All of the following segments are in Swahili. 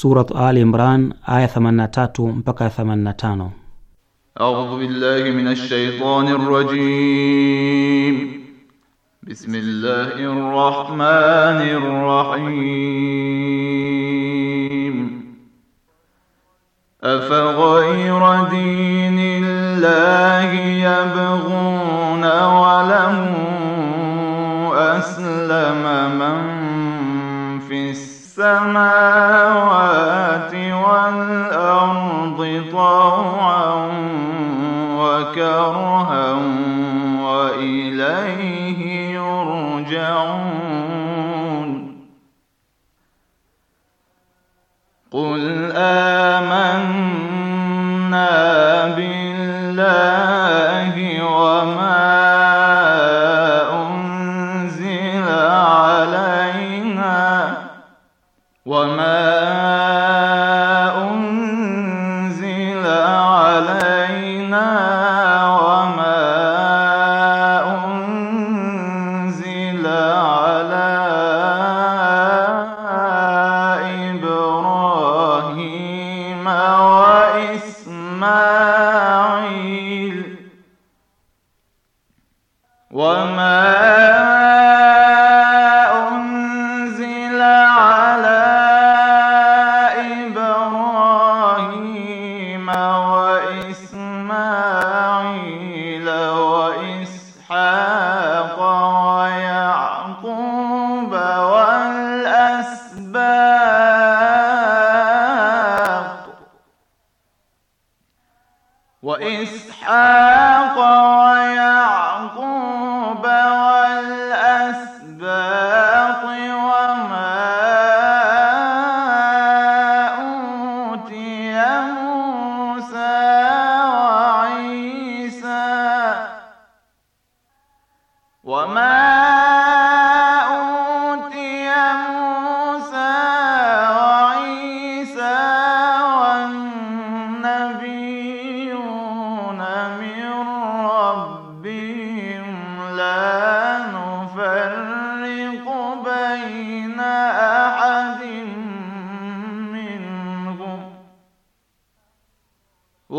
Surat Ali Imran aya 83 mpaka 85. A'udhu billahi minash shaitani rrajim. Bismillahir rahmanir rahim. أفغير دين الله يبغون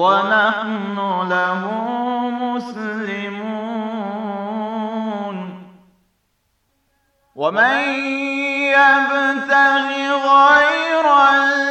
ونحن له مسلمون ومن يبتغ غير الله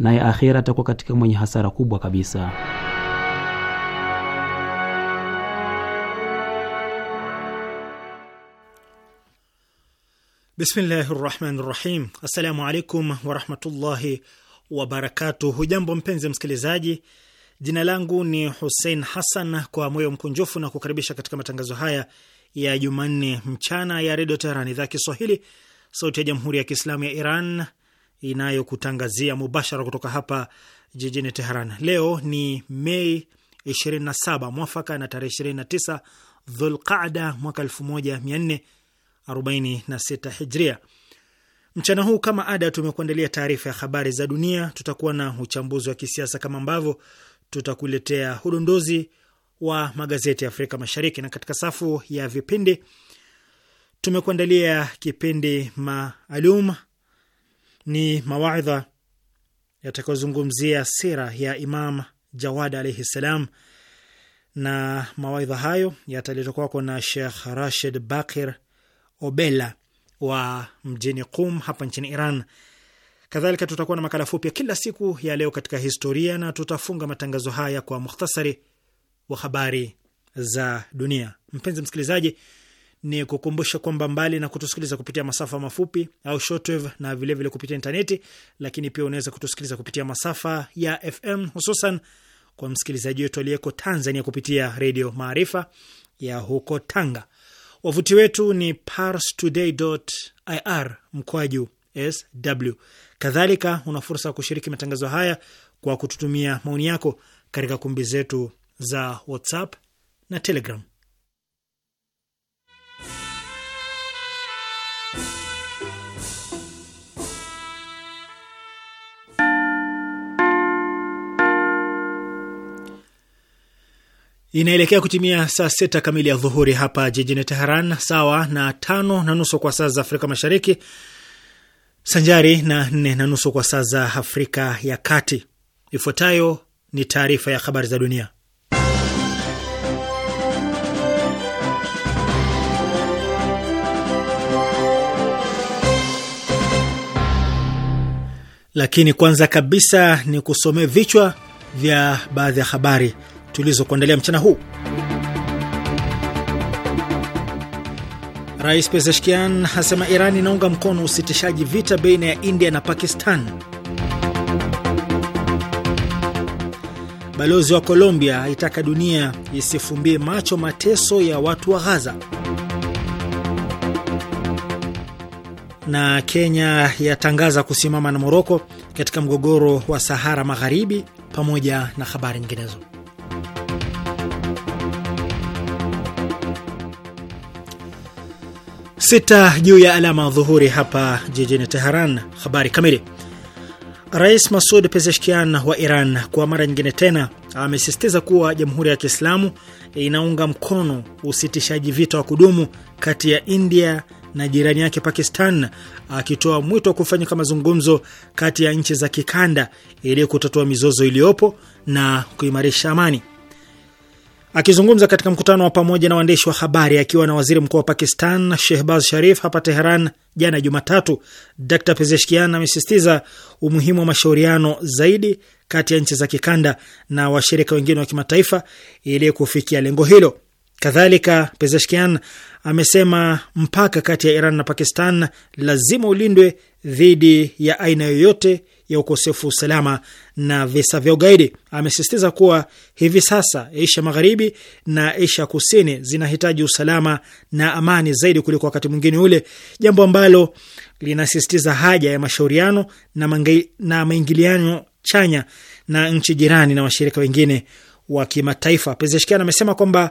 naye akhira atakuwa katika mwenye hasara kubwa kabisa. Bismillahi rahmani rahim. Assalamu alaikum warahmatullahi wabarakatuh. Hujambo mpenzi msikilizaji, jina langu ni Husein Hassan, kwa moyo mkunjufu na kukaribisha katika matangazo haya ya Jumanne mchana ya redio Teheran, idhaa ya Kiswahili, sauti ya jamhuri ya kiislamu ya Iran inayokutangazia mubashara kutoka hapa jijini Teheran. Leo ni Mei 27 mwafaka na tarehe 29 Dhulqaada mwaka 1446 Hijria. Mchana huu kama ada, tumekuandalia taarifa ya habari za dunia, tutakuwa na uchambuzi wa kisiasa kama ambavyo tutakuletea udondozi wa magazeti ya Afrika Mashariki, na katika safu ya vipindi tumekuandalia kipindi maalum ni mawaidha yatakayozungumzia sira ya Imam Jawad alaihi ssalam, na mawaidha hayo yataletwa kwako na Shekh Rashid Bakir Obela wa mjini Qum hapa nchini Iran. Kadhalika tutakuwa na makala fupi ya kila siku ya leo katika historia, na tutafunga matangazo haya kwa mukhtasari wa habari za dunia. Mpenzi msikilizaji ni kukumbusha kwamba mbali na kutusikiliza kupitia masafa mafupi au shortwave na vilevile vile kupitia intaneti, lakini pia unaweza kutusikiliza kupitia masafa ya FM hususan kwa msikilizaji wetu aliyeko Tanzania kupitia Redio Maarifa ya huko Tanga. Wavuti wetu ni parstoday.ir mkwaju sw. Kadhalika una fursa ya kushiriki matangazo haya kwa kututumia maoni yako katika kumbi zetu za WhatsApp na Telegram. Inaelekea kutimia saa sita kamili ya dhuhuri hapa jijini Teheran, sawa na tano na nusu kwa saa za Afrika Mashariki, sanjari na nne na nusu kwa saa za Afrika ya Kati. Ifuatayo ni taarifa ya habari za dunia, lakini kwanza kabisa ni kusomea vichwa vya baadhi ya habari tulizokuandalia mchana huu. Rais Pezeshkian hasema Iran inaunga mkono usitishaji vita baina ya India na Pakistan. Balozi wa Colombia aitaka dunia isifumbie macho mateso ya watu wa Ghaza, na Kenya yatangaza kusimama na Moroko katika mgogoro wa Sahara Magharibi, pamoja na habari nyinginezo. sita juu ya alama dhuhuri hapa jijini Teheran. Habari kamili. Rais Masud Pezeshkian wa Iran kwa mara nyingine tena amesisitiza kuwa Jamhuri ya Kiislamu inaunga mkono usitishaji vita wa kudumu kati ya India na jirani yake Pakistan, akitoa mwito wa kufanyika mazungumzo kati ya nchi za kikanda ili kutatua mizozo iliyopo na kuimarisha amani. Akizungumza katika mkutano wa pamoja na waandishi wa habari akiwa na waziri mkuu wa Pakistan Shehbaz Sharif hapa Teheran jana Jumatatu, Dr Pezeshkian amesisitiza umuhimu wa mashauriano zaidi kati ya nchi za kikanda na washirika wengine wa kimataifa ili kufikia lengo hilo. Kadhalika, Pezeshkian amesema mpaka kati ya Iran na Pakistan lazima ulindwe dhidi ya aina yoyote ya ukosefu wa usalama na visa vya ugaidi. Amesisitiza kuwa hivi sasa Asia Magharibi na Asia Kusini zinahitaji usalama na amani zaidi kuliko wakati mwingine ule, jambo ambalo linasisitiza haja ya mashauriano na, na maingiliano chanya na nchi jirani na washirika wengine wa kimataifa. Pezeshkian amesema kwamba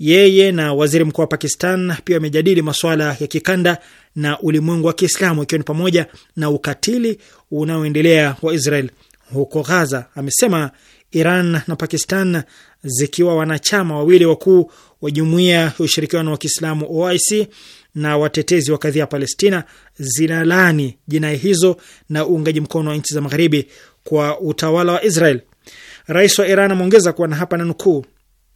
yeye na waziri mkuu wa Pakistan pia wamejadili masuala ya kikanda na ulimwengu wa Kiislamu, ikiwa ni pamoja na ukatili unaoendelea wa Israel huko Ghaza. Amesema Iran na Pakistan zikiwa wanachama wawili wakuu wa Jumuiya ya Ushirikiano wa Kiislamu OIC na watetezi wa kadhia ya Palestina zinalaani jinai hizo na uungaji mkono wa nchi za magharibi kwa utawala wa Israel. Rais wa Iran ameongeza kuwa na hapa na nukuu,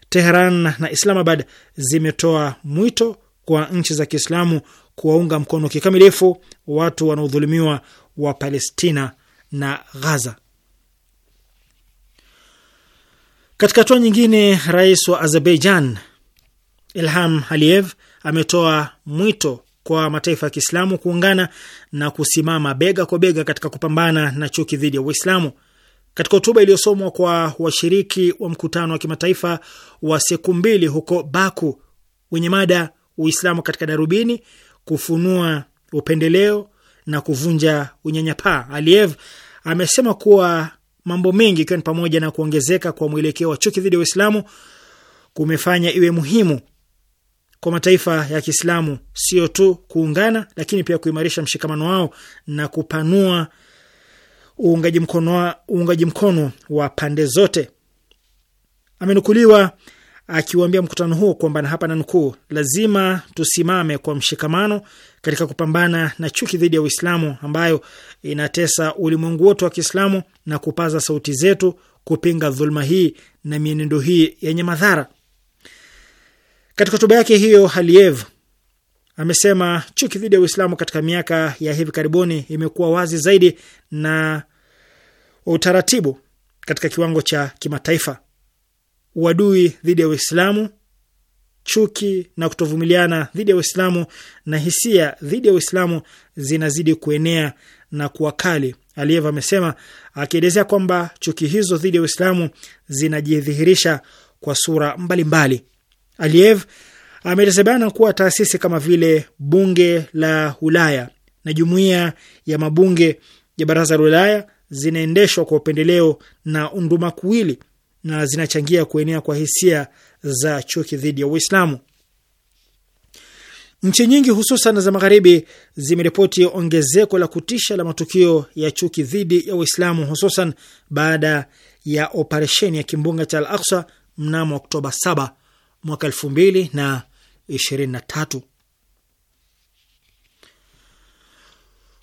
Teheran na Islamabad zimetoa mwito kwa nchi za Kiislamu kuwaunga mkono kikamilifu watu wanaodhulumiwa wa Palestina na Ghaza. Katika hatua nyingine, rais wa Azerbaijan Ilham Aliyev ametoa mwito kwa mataifa ya Kiislamu kuungana na kusimama bega kwa bega katika kupambana na chuki dhidi ya Uislamu. Katika hotuba iliyosomwa kwa washiriki wa mkutano wa kimataifa wa siku mbili huko Baku wenye mada Uislamu katika darubini, kufunua upendeleo na kuvunja unyanyapaa, Aliyev amesema kuwa mambo mengi ikiwa ni pamoja na kuongezeka kwa mwelekeo wa chuki dhidi ya Uislamu kumefanya iwe muhimu kwa mataifa ya Kiislamu sio tu kuungana, lakini pia kuimarisha mshikamano wao na kupanua uungaji mkono, uungaji mkono wa pande zote. Amenukuliwa akiwambia mkutano huo kwamba na hapa nanukuu, lazima tusimame kwa mshikamano katika kupambana na chuki dhidi ya Uislamu ambayo inatesa ulimwengu wote wa Kiislamu na kupaza sauti zetu kupinga dhuluma hii na mienendo hii yenye madhara. Katika hotuba yake hiyo, Aliyev amesema chuki dhidi ya Uislamu katika miaka ya hivi karibuni imekuwa wazi zaidi na utaratibu katika kiwango cha kimataifa. Uadui dhidi ya Uislamu, chuki na kutovumiliana dhidi ya Uislamu na hisia dhidi ya Uislamu zinazidi kuenea na kuwa kali, Aliyev amesema, akielezea kwamba chuki hizo dhidi ya Uislamu zinajidhihirisha kwa sura mbalimbali. Aliyev Ameelezebana kuwa taasisi kama vile bunge la Ulaya na jumuiya ya mabunge ya baraza la Ulaya zinaendeshwa kwa upendeleo na undumakuwili na zinachangia kuenea kwa hisia za chuki dhidi ya Uislamu. Nchi nyingi hususan za magharibi zimeripoti ongezeko la kutisha la matukio ya chuki dhidi ya Uislamu, hususan baada ya operesheni ya kimbunga cha Al Aksa mnamo Oktoba 7 mwaka elfu mbili na 23.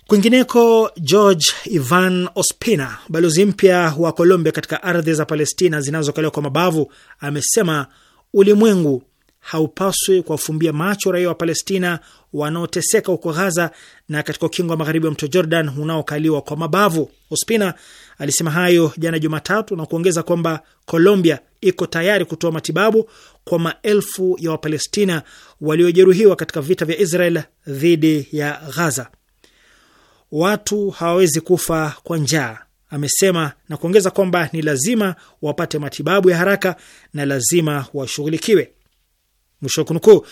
Kwingineko, George Ivan Ospina, balozi mpya wa Colombia katika ardhi za Palestina zinazokaliwa kwa mabavu, amesema ulimwengu haupaswi kuwafumbia macho raia wa Palestina wanaoteseka huko Ghaza na katika ukingo wa magharibi wa mto Jordan unaokaliwa kwa mabavu. Ospina Alisema hayo jana Jumatatu na kuongeza kwamba Colombia iko tayari kutoa matibabu kwa maelfu ya Wapalestina waliojeruhiwa katika vita vya Israel dhidi ya Ghaza. Watu hawawezi kufa kwa njaa, amesema na kuongeza kwamba ni lazima wapate matibabu ya haraka na lazima washughulikiwe. Mwisho wa kunukuu.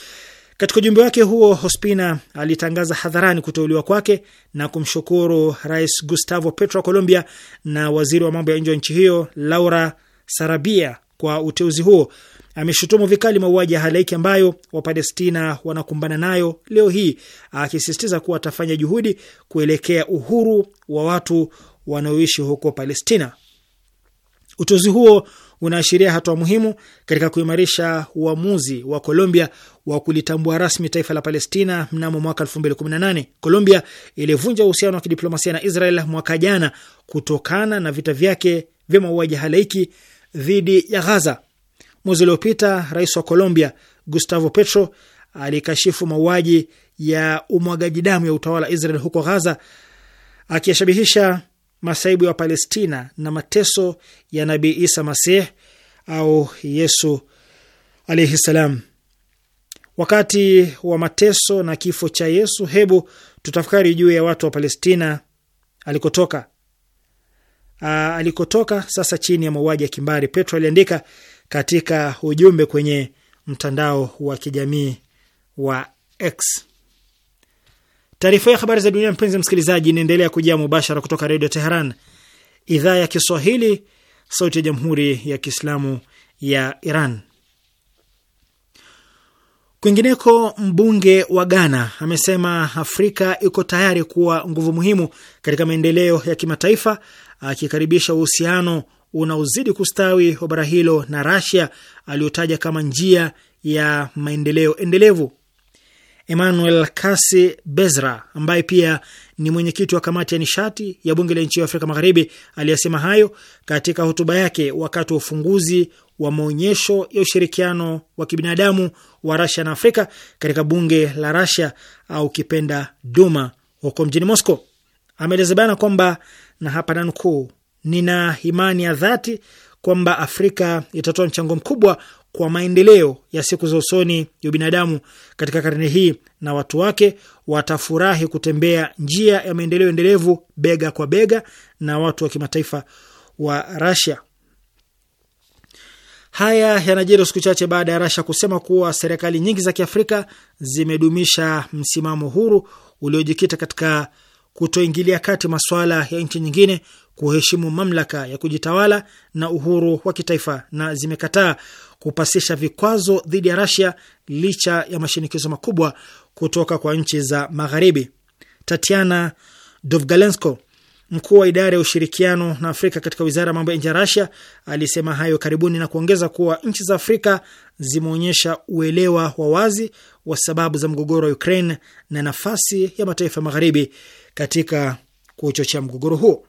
Katika ujumbe wake huo, hospina alitangaza hadharani kuteuliwa kwake na kumshukuru Rais Gustavo Petro Colombia na waziri wa mambo ya nje wa nchi hiyo Laura Sarabia kwa uteuzi huo. Ameshutumu vikali mauaji ya halaiki ambayo Wapalestina wanakumbana nayo leo hii, akisisitiza kuwa atafanya juhudi kuelekea uhuru wa watu wanaoishi huko Palestina. Uteuzi huo unaashiria hatua muhimu katika kuimarisha uamuzi wa Colombia wa kulitambua rasmi taifa la Palestina mnamo mwaka 2018. Colombia ilivunja uhusiano wa kidiplomasia na Israel mwaka jana kutokana na vita vyake vya mauaji halaiki dhidi ya Ghaza. Mwezi uliopita, rais wa Colombia Gustavo Petro alikashifu mauaji ya umwagaji damu ya utawala wa Israel huko Ghaza akiyashabihisha masaibu ya Palestina na mateso ya Nabii Isa Masih au Yesu alaihi salam. Wakati wa mateso na kifo cha Yesu, hebu tutafakari juu ya watu wa Palestina alikotoka, aa, alikotoka sasa chini ya mauaji ya kimbari. Petro aliandika katika ujumbe kwenye mtandao wa kijamii wa X. Taarifa ya habari za dunia, mpenzi msikilizaji, inaendelea kujia mubashara kutoka Redio Teheran, idhaa ya Kiswahili, sauti ya Jamhuri ya Kiislamu ya Iran. Kwingineko, mbunge wa Ghana amesema Afrika iko tayari kuwa nguvu muhimu katika maendeleo ya kimataifa, akikaribisha uhusiano unaozidi kustawi wa bara hilo na Rasia, aliyotaja kama njia ya maendeleo endelevu. Emmanuel Kasi Bezra ambaye pia ni mwenyekiti wa kamati ya nishati ya bunge la nchi ya Afrika Magharibi aliyesema hayo katika hotuba yake wakati wa ufunguzi wa maonyesho ya ushirikiano wa kibinadamu wa Rasia na Afrika katika bunge la Rasia au kipenda Duma huko mjini Moscow. Ameeleza bana kwamba na hapa nanukuu, nina imani ya dhati kwamba Afrika itatoa mchango mkubwa kwa maendeleo ya siku za usoni ya binadamu katika karne hii, na watu wake watafurahi kutembea njia ya maendeleo endelevu bega kwa bega na watu wa kimataifa wa Russia. Haya yanajiri siku chache baada ya Russia kusema kuwa serikali nyingi za Kiafrika zimedumisha msimamo huru uliojikita katika kutoingilia kati masuala ya nchi nyingine, kuheshimu mamlaka ya kujitawala na uhuru wa kitaifa, na zimekataa kupasisha vikwazo dhidi ya Rasia licha ya mashinikizo makubwa kutoka kwa nchi za Magharibi. Tatiana dovgalensko mkuu wa idara ya ushirikiano na Afrika katika wizara ya mambo ya nje ya Rasia, alisema hayo karibuni na kuongeza kuwa nchi za Afrika zimeonyesha uelewa wa wazi wa sababu za mgogoro wa Ukraine na nafasi ya mataifa ya Magharibi katika kuchochea mgogoro huo.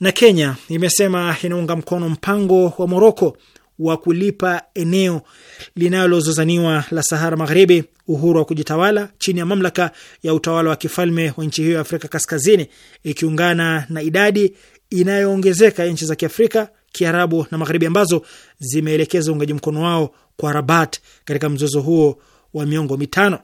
Na Kenya imesema inaunga mkono mpango wa Moroko wa kulipa eneo linalozozaniwa la Sahara Magharibi uhuru wa kujitawala chini ya mamlaka ya utawala wa kifalme wa nchi hiyo ya Afrika Kaskazini, ikiungana na idadi inayoongezeka ya nchi za Kiafrika, Kiarabu na Magharibi ambazo zimeelekeza uungaji mkono wao kwa Rabat katika mzozo huo wa miongo mitano.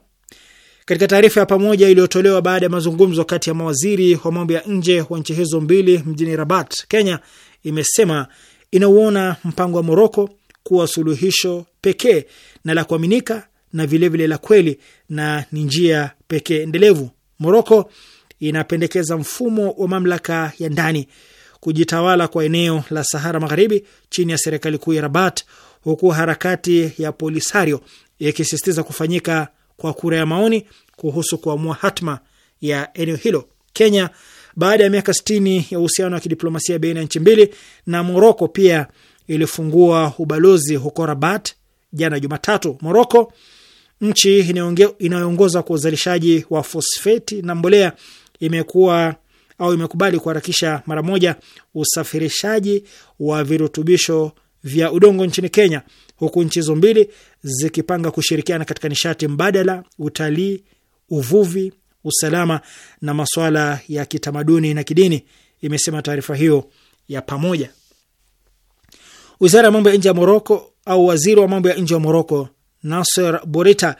Katika taarifa ya pamoja iliyotolewa baada ya mazungumzo kati ya mawaziri wa mambo ya nje wa nchi hizo mbili mjini Rabat, Kenya imesema inauona mpango wa Moroko kuwa suluhisho pekee na la kuaminika na vilevile vile la kweli na ni njia pekee endelevu. Moroko inapendekeza mfumo wa mamlaka ya ndani kujitawala kwa eneo la Sahara Magharibi chini ya serikali kuu ya Rabat, huku harakati ya Polisario ikisisitiza kufanyika kwa kura ya maoni kuhusu kuamua hatma ya eneo hilo. Kenya baada ya miaka sitini ya uhusiano wa kidiplomasia baina ya nchi mbili na Moroko pia ilifungua ubalozi huko Rabat jana Jumatatu. Moroko, nchi inayoongoza kwa uzalishaji wa fosfeti na mbolea, imekuwa au imekubali kuharakisha mara moja usafirishaji wa virutubisho vya udongo nchini Kenya, huku nchi hizo mbili zikipanga kushirikiana katika nishati mbadala, utalii, uvuvi, usalama na masuala ya kitamaduni na kidini, imesema taarifa hiyo ya pamoja. Wizara ya mambo ya nje ya Moroko au waziri wa mambo ya nje wa Moroko Nasser Bourita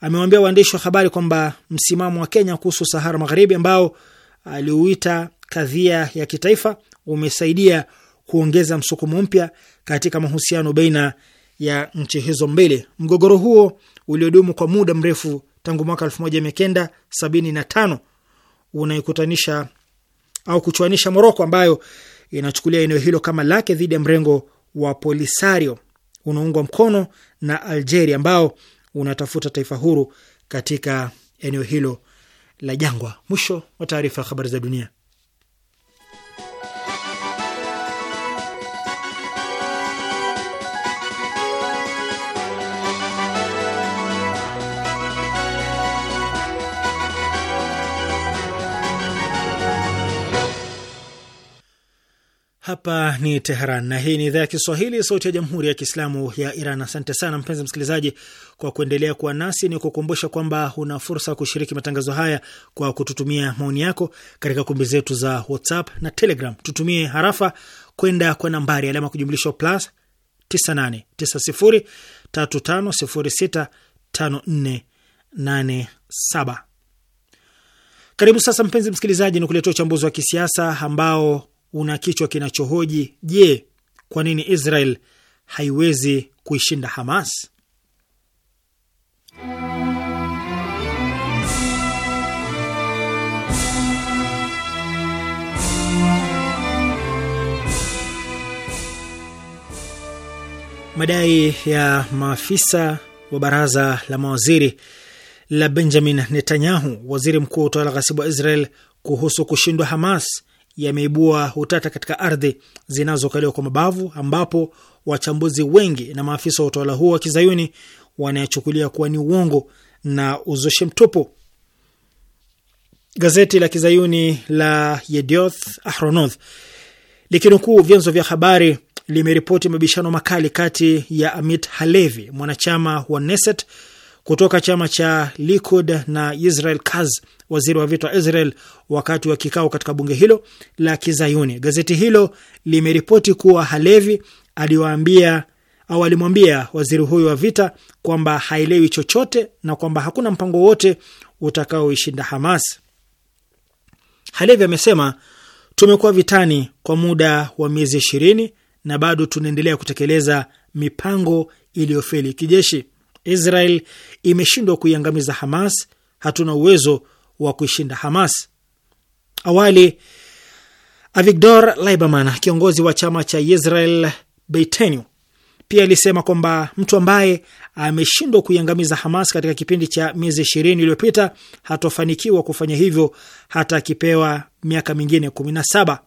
amewaambia waandishi wa habari kwamba msimamo wa Kenya kuhusu Sahara Magharibi ambao aliuita kadhia ya kitaifa umesaidia kuongeza msukumo mpya katika mahusiano baina ya nchi hizo mbili. Mgogoro huo uliodumu kwa muda mrefu tangu mwaka tano unaikutanisha au kuchuanisha Moroko ambayo inachukulia eneo hilo kama lake dhidi ya mrengo wa Polisario unaungwa mkono na Algeria ambao unatafuta taifa huru katika eneo hilo la jangwa. Mwisho wa taarifa ya habari za dunia. Hapa ni Teheran na hii ni idhaa ya Kiswahili, sauti ya jamhuri ya kiislamu ya Iran. Asante sana mpenzi msikilizaji kwa kuendelea kuwa nasi. Ni kukumbusha kwamba una fursa ya kushiriki matangazo haya kwa kututumia maoni yako katika kumbi zetu za WhatsApp na Telegram. Tutumie harafa kwenda kwa nambari alama kujumlisha plus 989035065487. Karibu sasa, mpenzi msikilizaji, ni kuletea uchambuzi wa kisiasa ambao una kichwa kinachohoji je, kwa nini Israel haiwezi kuishinda Hamas? Madai ya maafisa wa baraza la mawaziri la Benjamin Netanyahu, waziri mkuu wa utawala ghasibu wa Israel, kuhusu kushindwa Hamas yameibua utata katika ardhi zinazokaliwa kwa mabavu, ambapo wachambuzi wengi na maafisa wa utawala huo wa kizayuni wanayachukulia kuwa ni uongo na uzushi mtupu. Gazeti la kizayuni la Yedioth Ahronoth likinukuu vyanzo vya habari limeripoti mabishano makali kati ya Amit Halevi, mwanachama wa Neset kutoka chama cha Likud na Israel Katz, waziri wa vita wa Israel, wakati wa kikao katika bunge hilo la Kizayuni. Gazeti hilo limeripoti kuwa Halevi aliwaambia au alimwambia waziri huyo wa vita kwamba haelewi chochote na kwamba hakuna mpango wote utakaoishinda Hamas. Halevi amesema tumekuwa vitani kwa muda wa miezi ishirini na bado tunaendelea kutekeleza mipango iliyofeli kijeshi. Israel imeshindwa kuiangamiza Hamas, hatuna uwezo wa kuishinda Hamas. Awali Avigdor Lieberman, kiongozi wa chama cha Israel Beitenu, pia alisema kwamba mtu ambaye ameshindwa kuiangamiza Hamas katika kipindi cha miezi ishirini iliyopita hatofanikiwa kufanya hivyo hata akipewa miaka mingine kumi na saba.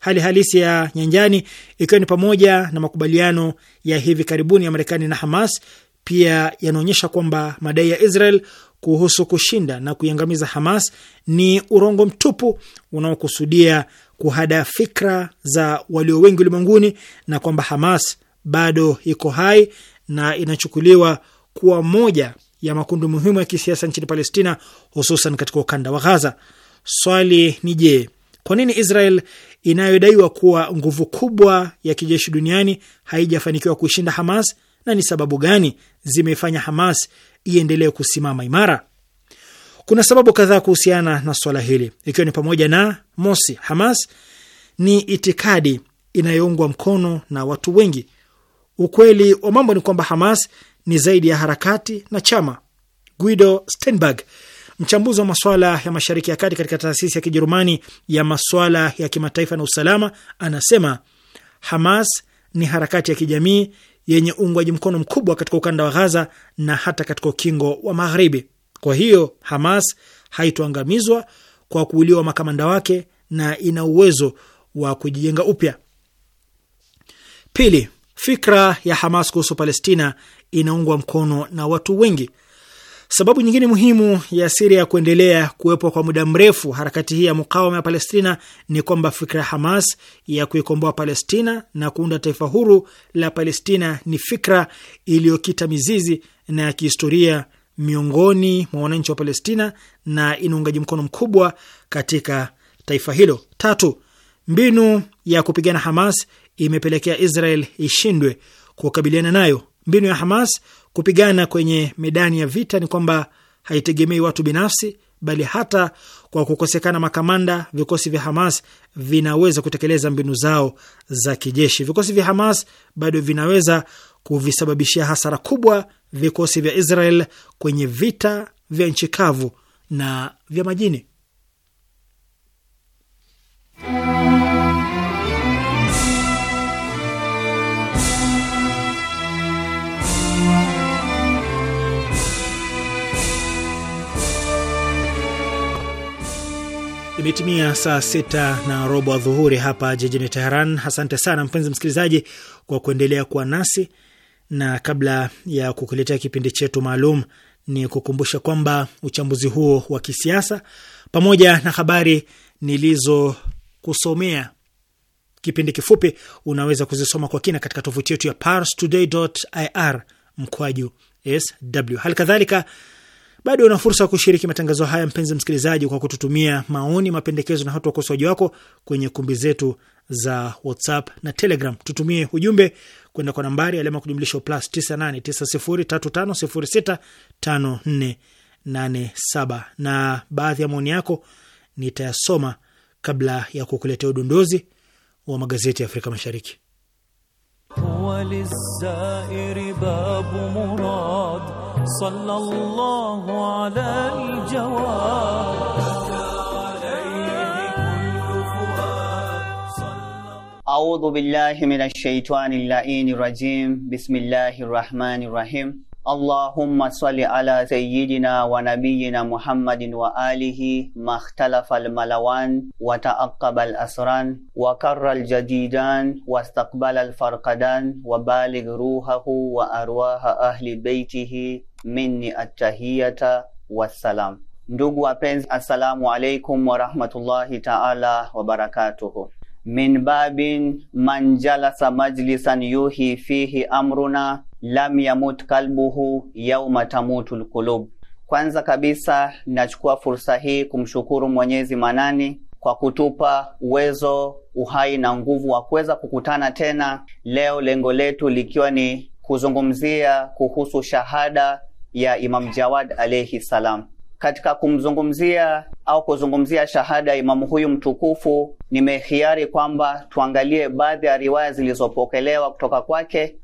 Hali halisi ya nyanjani ikiwa ni pamoja na makubaliano ya hivi karibuni ya Marekani na Hamas pia yanaonyesha kwamba madai ya Israel kuhusu kushinda na kuiangamiza Hamas ni urongo mtupu unaokusudia kuhada fikra za walio wengi ulimwenguni na kwamba Hamas bado iko hai na inachukuliwa kuwa moja ya makundi muhimu ya kisiasa nchini Palestina, hususan katika ukanda wa Ghaza. Swali ni je, kwa nini Israel inayodaiwa kuwa nguvu kubwa ya kijeshi duniani haijafanikiwa kuishinda Hamas na ni sababu gani zimefanya Hamas iendelee kusimama imara? Kuna sababu kadhaa kuhusiana na swala hili, ikiwa ni pamoja na mosi, Hamas ni itikadi inayoungwa mkono na watu wengi. Ukweli wa mambo ni kwamba Hamas ni zaidi ya harakati na chama. Guido Steinberg, mchambuzi wa maswala ya Mashariki ya Kati katika taasisi ya Kijerumani ya maswala ya kimataifa na usalama, anasema Hamas ni harakati ya kijamii yenye uungwaji mkono mkubwa katika ukanda wa Ghaza na hata katika ukingo wa Magharibi. Kwa hiyo Hamas haitoangamizwa kwa kuuliwa makamanda wake na ina uwezo wa kujijenga upya. Pili, fikra ya Hamas kuhusu Palestina inaungwa mkono na watu wengi. Sababu nyingine muhimu ya Siria ya kuendelea kuwepo kwa muda mrefu harakati hii ya mukawama ya Palestina ni kwamba fikra ya Hamas ya kuikomboa Palestina na kuunda taifa huru la Palestina ni fikra iliyokita mizizi na ya kihistoria miongoni mwa wananchi wa Palestina na ina uungaji mkono mkubwa katika taifa hilo. Tatu, mbinu ya kupigana Hamas imepelekea Israel ishindwe kukabiliana nayo. Mbinu ya Hamas kupigana kwenye medani ya vita ni kwamba haitegemei watu binafsi, bali hata kwa kukosekana makamanda, vikosi vya Hamas vinaweza kutekeleza mbinu zao za kijeshi. Vikosi vya Hamas bado vinaweza kuvisababishia hasara kubwa vikosi vya Israel kwenye vita vya nchi kavu na vya majini. Imetimia saa sita na robo adhuhuri hapa jijini Teheran. Asante sana mpenzi msikilizaji kwa kuendelea kuwa nasi, na kabla ya kukuletea kipindi chetu maalum, ni kukumbusha kwamba uchambuzi huo wa kisiasa pamoja na habari nilizokusomea kipindi kifupi unaweza kuzisoma kwa kina katika tovuti yetu ya parstoday.ir mkwaju sw. Hali kadhalika bado una fursa ya kushiriki matangazo haya, mpenzi msikilizaji, kwa kututumia maoni, mapendekezo na hata ukosoaji wako kwenye kumbi zetu za WhatsApp na Telegram. Tutumie ujumbe kwenda kwa nambari alama kujumlisha plus 989035065487 na baadhi ya maoni yako nitayasoma kabla ya kukuletea udondozi wa magazeti ya Afrika Mashariki. Walizairi babu murad صلى الله على الجواب أعوذ بالله من الشيطان اللعين الرجيم بسم الله الرحمن الرحيم اللهم صل على سيدنا ونبينا محمد وآله ما اختلف الملوان وتأقب الأسران وكر الجديدان واستقبل الفرقدان وبالغ روحه وأرواح أهل بيته minni atahiyata wassalam. Ndugu wapenzi, assalamu alaikum warahmatullahi taala wabarakatuhu. Min babin man jalasa majlisan yuhi fihi amruna lam yamut kalbuhu yauma tamutu qulub. Kwanza kabisa nachukua fursa hii kumshukuru Mwenyezi Manani kwa kutupa uwezo, uhai na nguvu wa kuweza kukutana tena leo, lengo letu likiwa ni kuzungumzia kuhusu shahada ya Imam Jawad alayhi salam. Katika kumzungumzia au kuzungumzia shahada ya imamu huyu mtukufu, nimehiari kwamba tuangalie baadhi ya riwaya zilizopokelewa kutoka kwake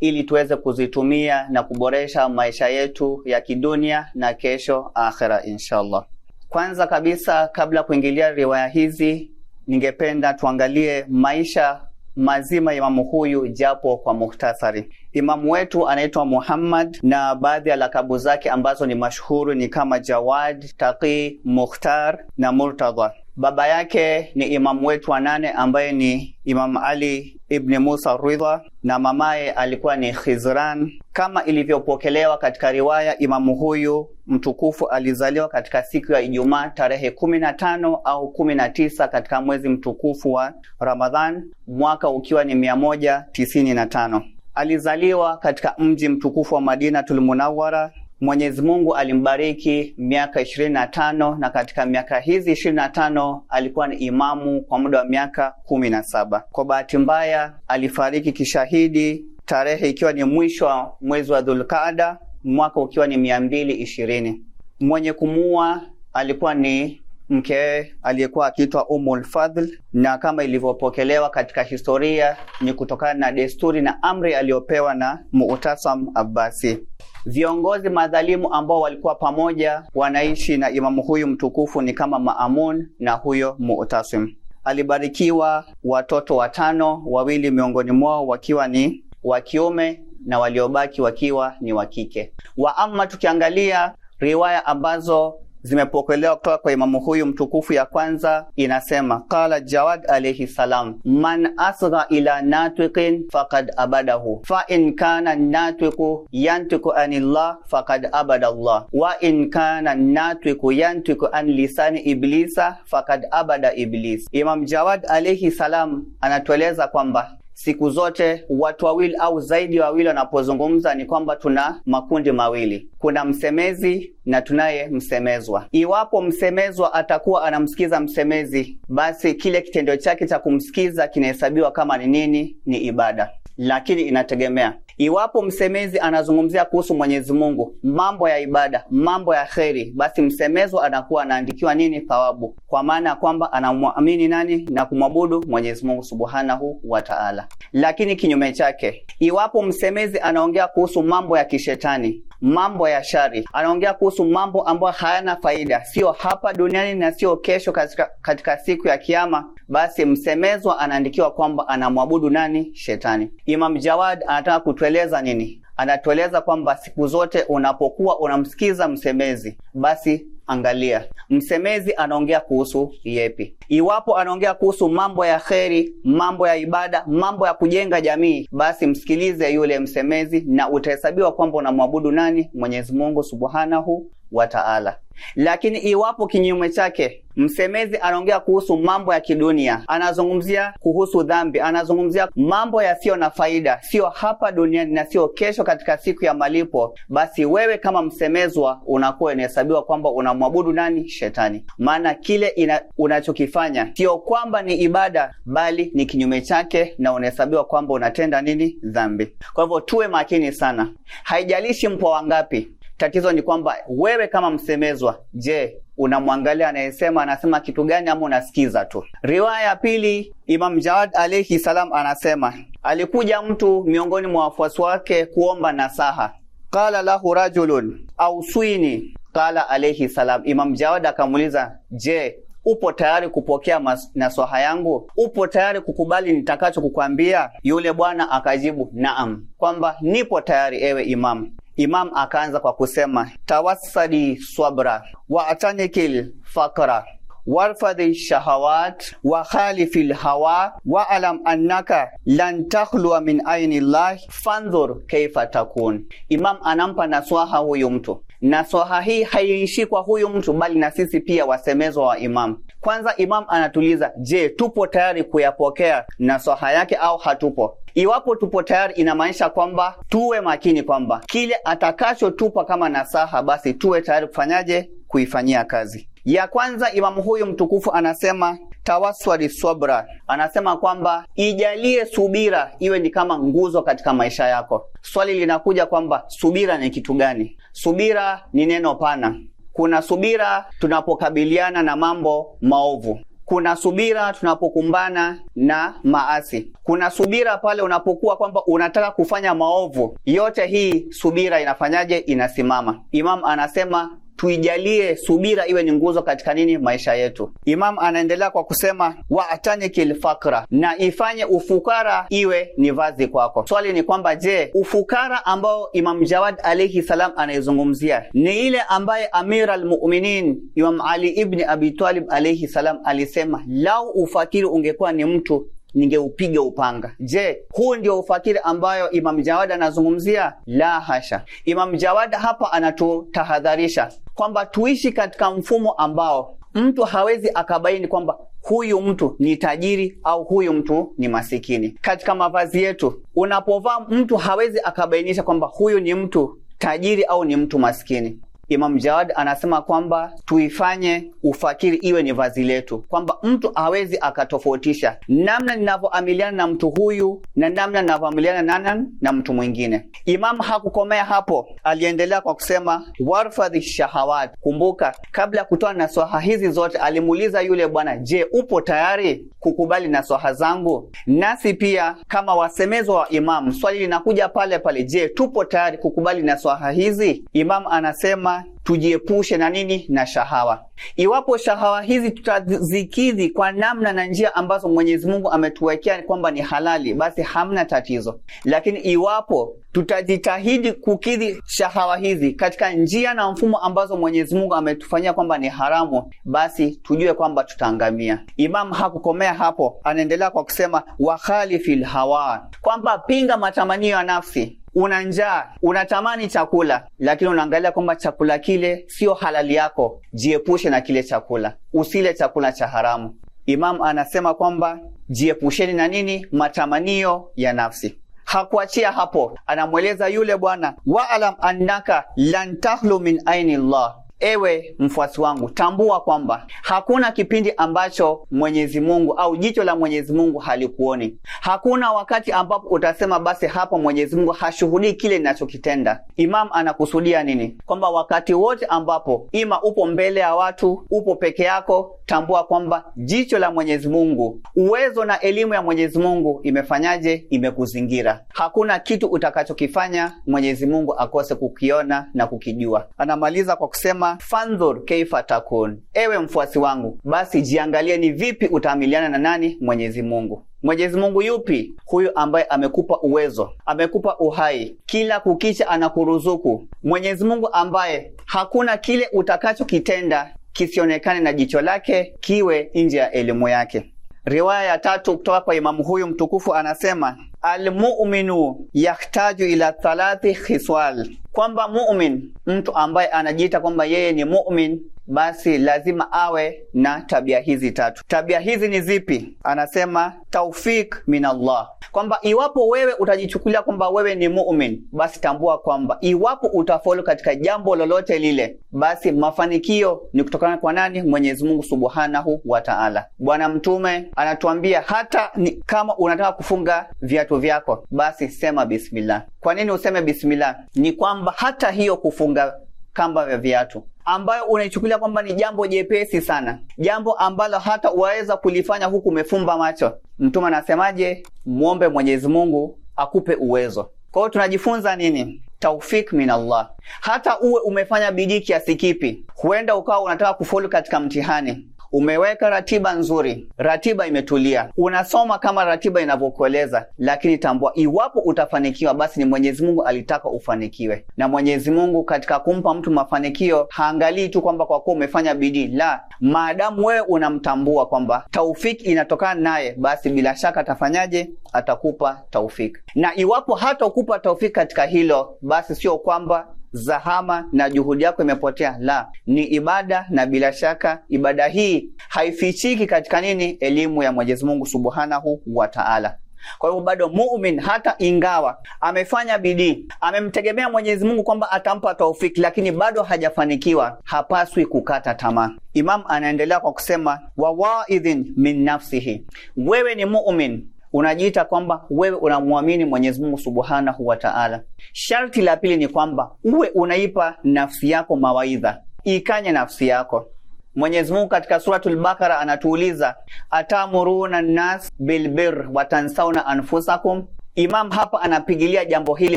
ili tuweze kuzitumia na kuboresha maisha yetu ya kidunia na kesho akhera inshallah. Kwanza kabisa, kabla kuingilia riwaya hizi, ningependa tuangalie maisha mazima ya imamu huyu japo kwa muhtasari. Imamu wetu anaitwa Muhammad na baadhi ya lakabu zake ambazo ni mashuhuri ni kama Jawad, Taqi, Mukhtar na Murtadha. Baba yake ni imamu wetu wa nane ambaye ni Imam Ali ibn Musa Ridha na mamaye alikuwa ni Khizran. Kama ilivyopokelewa katika riwaya, imamu huyu mtukufu alizaliwa katika siku ya Ijumaa tarehe 15 au 19 katika mwezi mtukufu wa Ramadhan, mwaka ukiwa ni 195. Alizaliwa katika mji mtukufu wa Madinatul Munawwara. Mwenyezi Mungu alimbariki miaka ishirini na tano na katika miaka hizi ishirini na tano alikuwa ni imamu kwa muda wa miaka kumi na saba. Kwa bahati mbaya alifariki kishahidi tarehe ikiwa ni mwisho wa mwezi wa Dhulqaada, mwaka ukiwa ni mia mbili ishirini. Mwenye kumuua alikuwa ni mkewe aliyekuwa akiitwa Umul Fadhl, na kama ilivyopokelewa katika historia ni kutokana na desturi na amri aliyopewa na Mu'tasam Abbasi. Viongozi madhalimu ambao walikuwa pamoja wanaishi na imamu huyu mtukufu ni kama Maamun na huyo Mu'tasim. Alibarikiwa watoto watano, wawili miongoni mwao wakiwa ni wa kiume na waliobaki wakiwa ni wa kike. Wa tukiangalia riwaya ambazo zimepokelewa kutoka kwa imamu huyu mtukufu. Ya kwanza inasema qala Jawad alayhi salam, man asgha ila natiqin faqad abadahu fa in kana natiqu yantiqu anillah faqad abada Allah wa in kana natiqu yantiqu an lisani iblisa faqad abada iblis. Imam Jawad alayhi salam anatueleza kwamba Siku zote watu wawili au zaidi wawili wanapozungumza ni kwamba tuna makundi mawili, kuna msemezi na tunaye msemezwa. Iwapo msemezwa atakuwa anamsikiza msemezi, basi kile kitendo chake cha kumsikiza kinahesabiwa kama ni nini? Ni ibada, lakini inategemea Iwapo msemezi anazungumzia kuhusu Mwenyezi Mungu, mambo ya ibada, mambo ya kheri, basi msemezwa anakuwa anaandikiwa nini? Thawabu, kwa maana ya kwamba anamwamini nani na kumwabudu Mwenyezi Mungu subhanahu wa taala. Lakini kinyume chake, iwapo msemezi anaongea kuhusu mambo ya kishetani mambo ya shari, anaongea kuhusu mambo ambayo hayana faida, sio hapa duniani na sio kesho katika, katika siku ya Kiyama, basi msemezwa anaandikiwa kwamba anamwabudu nani? Shetani. Imam Jawad anataka kutu anatueleza nini? Anatueleza kwamba siku zote unapokuwa unamsikiza msemezi, basi angalia msemezi anaongea kuhusu yepi. Iwapo anaongea kuhusu mambo ya kheri, mambo ya ibada, mambo ya kujenga jamii, basi msikilize yule msemezi, na utahesabiwa kwamba unamwabudu nani? Mwenyezi Mungu subhanahu wa Taala. Lakini iwapo kinyume chake msemezi anaongea kuhusu mambo ya kidunia, anazungumzia kuhusu dhambi, anazungumzia mambo yasiyo na faida, siyo hapa duniani na siyo kesho katika siku ya malipo, basi wewe kama msemezwa unakuwa inahesabiwa kwamba unamwabudu nani? Shetani. Maana kile ina, unachokifanya siyo kwamba ni ibada, bali ni kinyume chake, na unahesabiwa kwamba unatenda nini? Dhambi. Kwa hivyo tuwe makini sana, haijalishi mpwa wangapi Tatizo ni kwamba wewe kama msemezwa, je, unamwangalia anayesema anasema kitu gani ama unasikiza tu? Riwaya ya pili, Imam Jawad alaihi salam anasema alikuja mtu miongoni mwa wafuasi wake kuomba nasaha. Qala lahu rajulun auswini, qala alaihi salam. Imam Jawad akamuuliza, je, upo tayari kupokea nasaha yangu? Upo tayari kukubali nitakacho kukwambia? Yule bwana akajibu naam, kwamba nipo tayari ewe Imamu. Imam akaanza kwa kusema tawassali swabra wa atanikil fakra warfadhi shahawat wa khalifi lhawa wa alam annaka lan takhluwa min aini llahi fandhur kaifa takun. Imam anampa naswaha huyu mtu. Naswaha hii haiishi kwa huyu mtu, bali na sisi pia wasemezwa wa Imam. Kwanza Imam anatuliza, je, tupo tayari kuyapokea naswaha yake au hatupo? Iwapo tupo tayari, inamaanisha kwamba tuwe makini kwamba kile atakachotupa kama nasaha, basi tuwe tayari kufanyaje? Kuifanyia kazi. Ya kwanza, imamu huyu mtukufu anasema tawaswali swabra, anasema kwamba ijalie subira iwe ni kama nguzo katika maisha yako. Swali linakuja kwamba subira ni kitu gani? Subira ni neno pana. Kuna subira tunapokabiliana na mambo maovu, kuna subira tunapokumbana na maasi. Kuna subira pale unapokuwa kwamba unataka kufanya maovu. Yote hii subira inafanyaje? Inasimama. Imam anasema tuijalie subira iwe ni nguzo katika nini maisha yetu. Imam anaendelea kwa kusema wa atanikil fakra, na ifanye ufukara iwe ni vazi kwako. Swali ni kwamba je, ufukara ambao Imam Jawad alayhi salam anaizungumzia ni ile ambaye Amir al-Mu'minin Imam Ali ibn Abi Talib alayhi salam alisema lau ufakiri ungekuwa ni mtu ningeupiga upanga. Je, huu ndio ufakiri ambayo Imam Jawad anazungumzia? La hasha. Imam Jawad hapa anatutahadharisha kwamba tuishi katika mfumo ambao mtu hawezi akabaini kwamba huyu mtu ni tajiri au huyu mtu ni masikini. Katika mavazi yetu, unapovaa mtu hawezi akabainisha kwamba huyu ni mtu tajiri au ni mtu masikini Imam Jawad anasema kwamba tuifanye ufakiri iwe ni vazi letu, kwamba mtu hawezi akatofautisha namna ninavyoamiliana na mtu huyu na namna ninavyoamiliana nana na mtu mwingine. Imam hakukomea hapo, aliendelea kwa kusema warfadhi shahawat. Kumbuka, kabla ya kutoa naswaha hizi zote alimuuliza yule bwana, je, upo tayari kukubali naswaha zangu? Nasi pia kama wasemezwa wa Imam, swali linakuja pale pale, je, tupo tayari kukubali naswaha hizi? Imam anasema tujiepushe na nini? Na shahawa. Iwapo shahawa hizi tutazikidhi kwa namna na njia ambazo Mwenyezi Mungu ametuwekea kwamba ni halali, basi hamna tatizo. Lakini iwapo tutajitahidi kukidhi shahawa hizi katika njia na mfumo ambazo Mwenyezi Mungu ametufanyia kwamba ni haramu, basi tujue kwamba tutaangamia. Imamu hakukomea hapo, anaendelea kwa kusema wakhalifi lhawa, kwamba pinga matamanio ya nafsi una njaa, unatamani chakula, lakini unaangalia kwamba chakula kile sio halali yako, jiepushe na kile chakula, usile chakula cha haramu. Imam anasema kwamba jiepusheni na nini? Matamanio ya nafsi. Hakuachia hapo, anamweleza yule bwana, waalam annaka lan tahlu min aini llah Ewe mfuasi wangu, tambua kwamba hakuna kipindi ambacho Mwenyezi Mungu au jicho la Mwenyezi Mungu halikuoni. Hakuna wakati ambapo utasema basi hapa Mwenyezi Mungu hashuhudii kile ninachokitenda. Imam anakusudia nini? Kwamba wakati wote ambapo ima upo mbele ya watu, upo peke yako, tambua kwamba jicho la Mwenyezi Mungu, uwezo na elimu ya Mwenyezi Mungu imefanyaje? Imekuzingira. Hakuna kitu utakachokifanya Mwenyezi Mungu akose kukiona na kukijua. Anamaliza kwa kusema anasema fandhur kaifa takun, ewe mfuasi wangu, basi jiangalie ni vipi utaamiliana na nani Mwenyezi Mungu. Mwenyezi Mungu yupi huyu ambaye amekupa uwezo, amekupa uhai, kila kukicha anakuruzuku. Mwenyezi Mungu ambaye hakuna kile utakachokitenda kisionekane na jicho lake, kiwe nje ya elimu yake. Riwaya ya tatu kutoka kwa imamu huyu mtukufu anasema almuminu yahtaju ila thalathi khiswal, kwamba mumin, mtu ambaye anajiita kwamba yeye ni mumin, basi lazima awe na tabia hizi tatu. Tabia hizi ni zipi? Anasema taufik min Allah, kwamba iwapo wewe utajichukulia kwamba wewe ni mumin, basi tambua kwamba iwapo utafolo katika jambo lolote lile, basi mafanikio ni kutokana kwa nani? Mwenyezi Mungu subhanahu wa taala. Bwana Mtume anatuambia hata ni, kama unataka kufunga vya viatu vyako, basi sema bismillah. Kwa nini useme bismillah? Ni kwamba hata hiyo kufunga kamba vya viatu ambayo unaichukulia kwamba ni jambo jepesi sana, jambo ambalo hata waweza kulifanya huku umefumba macho. Mtume anasemaje? mwombe Mwenyezi Mungu akupe uwezo. Kwa hiyo tunajifunza nini? Taufik min Allah. Hata uwe umefanya bidii kiasi kipi, huenda ukawa unataka kufaulu katika mtihani Umeweka ratiba nzuri, ratiba imetulia, unasoma kama ratiba inavyokueleza, lakini tambua, iwapo utafanikiwa, basi ni Mwenyezi Mungu alitaka ufanikiwe. Na Mwenyezi Mungu katika kumpa mtu mafanikio haangalii tu kwamba kwa kuwa umefanya bidii, la, maadamu wewe unamtambua kwamba taufiki inatokana naye, basi bila shaka atafanyaje? Atakupa taufiki. Na iwapo hatakupa taufiki katika hilo, basi sio kwamba zahama na juhudi yako imepotea. La, ni ibada, na bila shaka ibada hii haifichiki katika nini? Elimu ya Mwenyezi Mungu Subhanahu wa Ta'ala. Kwa hivyo bado mumin hata ingawa amefanya bidii, amemtegemea Mwenyezi Mungu kwamba atampa taufiki, lakini bado hajafanikiwa, hapaswi kukata tamaa. Imam anaendelea kwa kusema wawaidhin min nafsihi, wewe ni mumin unajiita kwamba wewe unamwamini Mwenyezi Mungu Subhanahu wa Ta'ala. Sharti la pili ni kwamba uwe unaipa nafsi yako mawaidha, ikanye nafsi yako. Mwenyezi Mungu katika Suratul Bakara anatuuliza atamuruna nnas bilbir watansauna anfusakum Imam hapa anapigilia jambo hili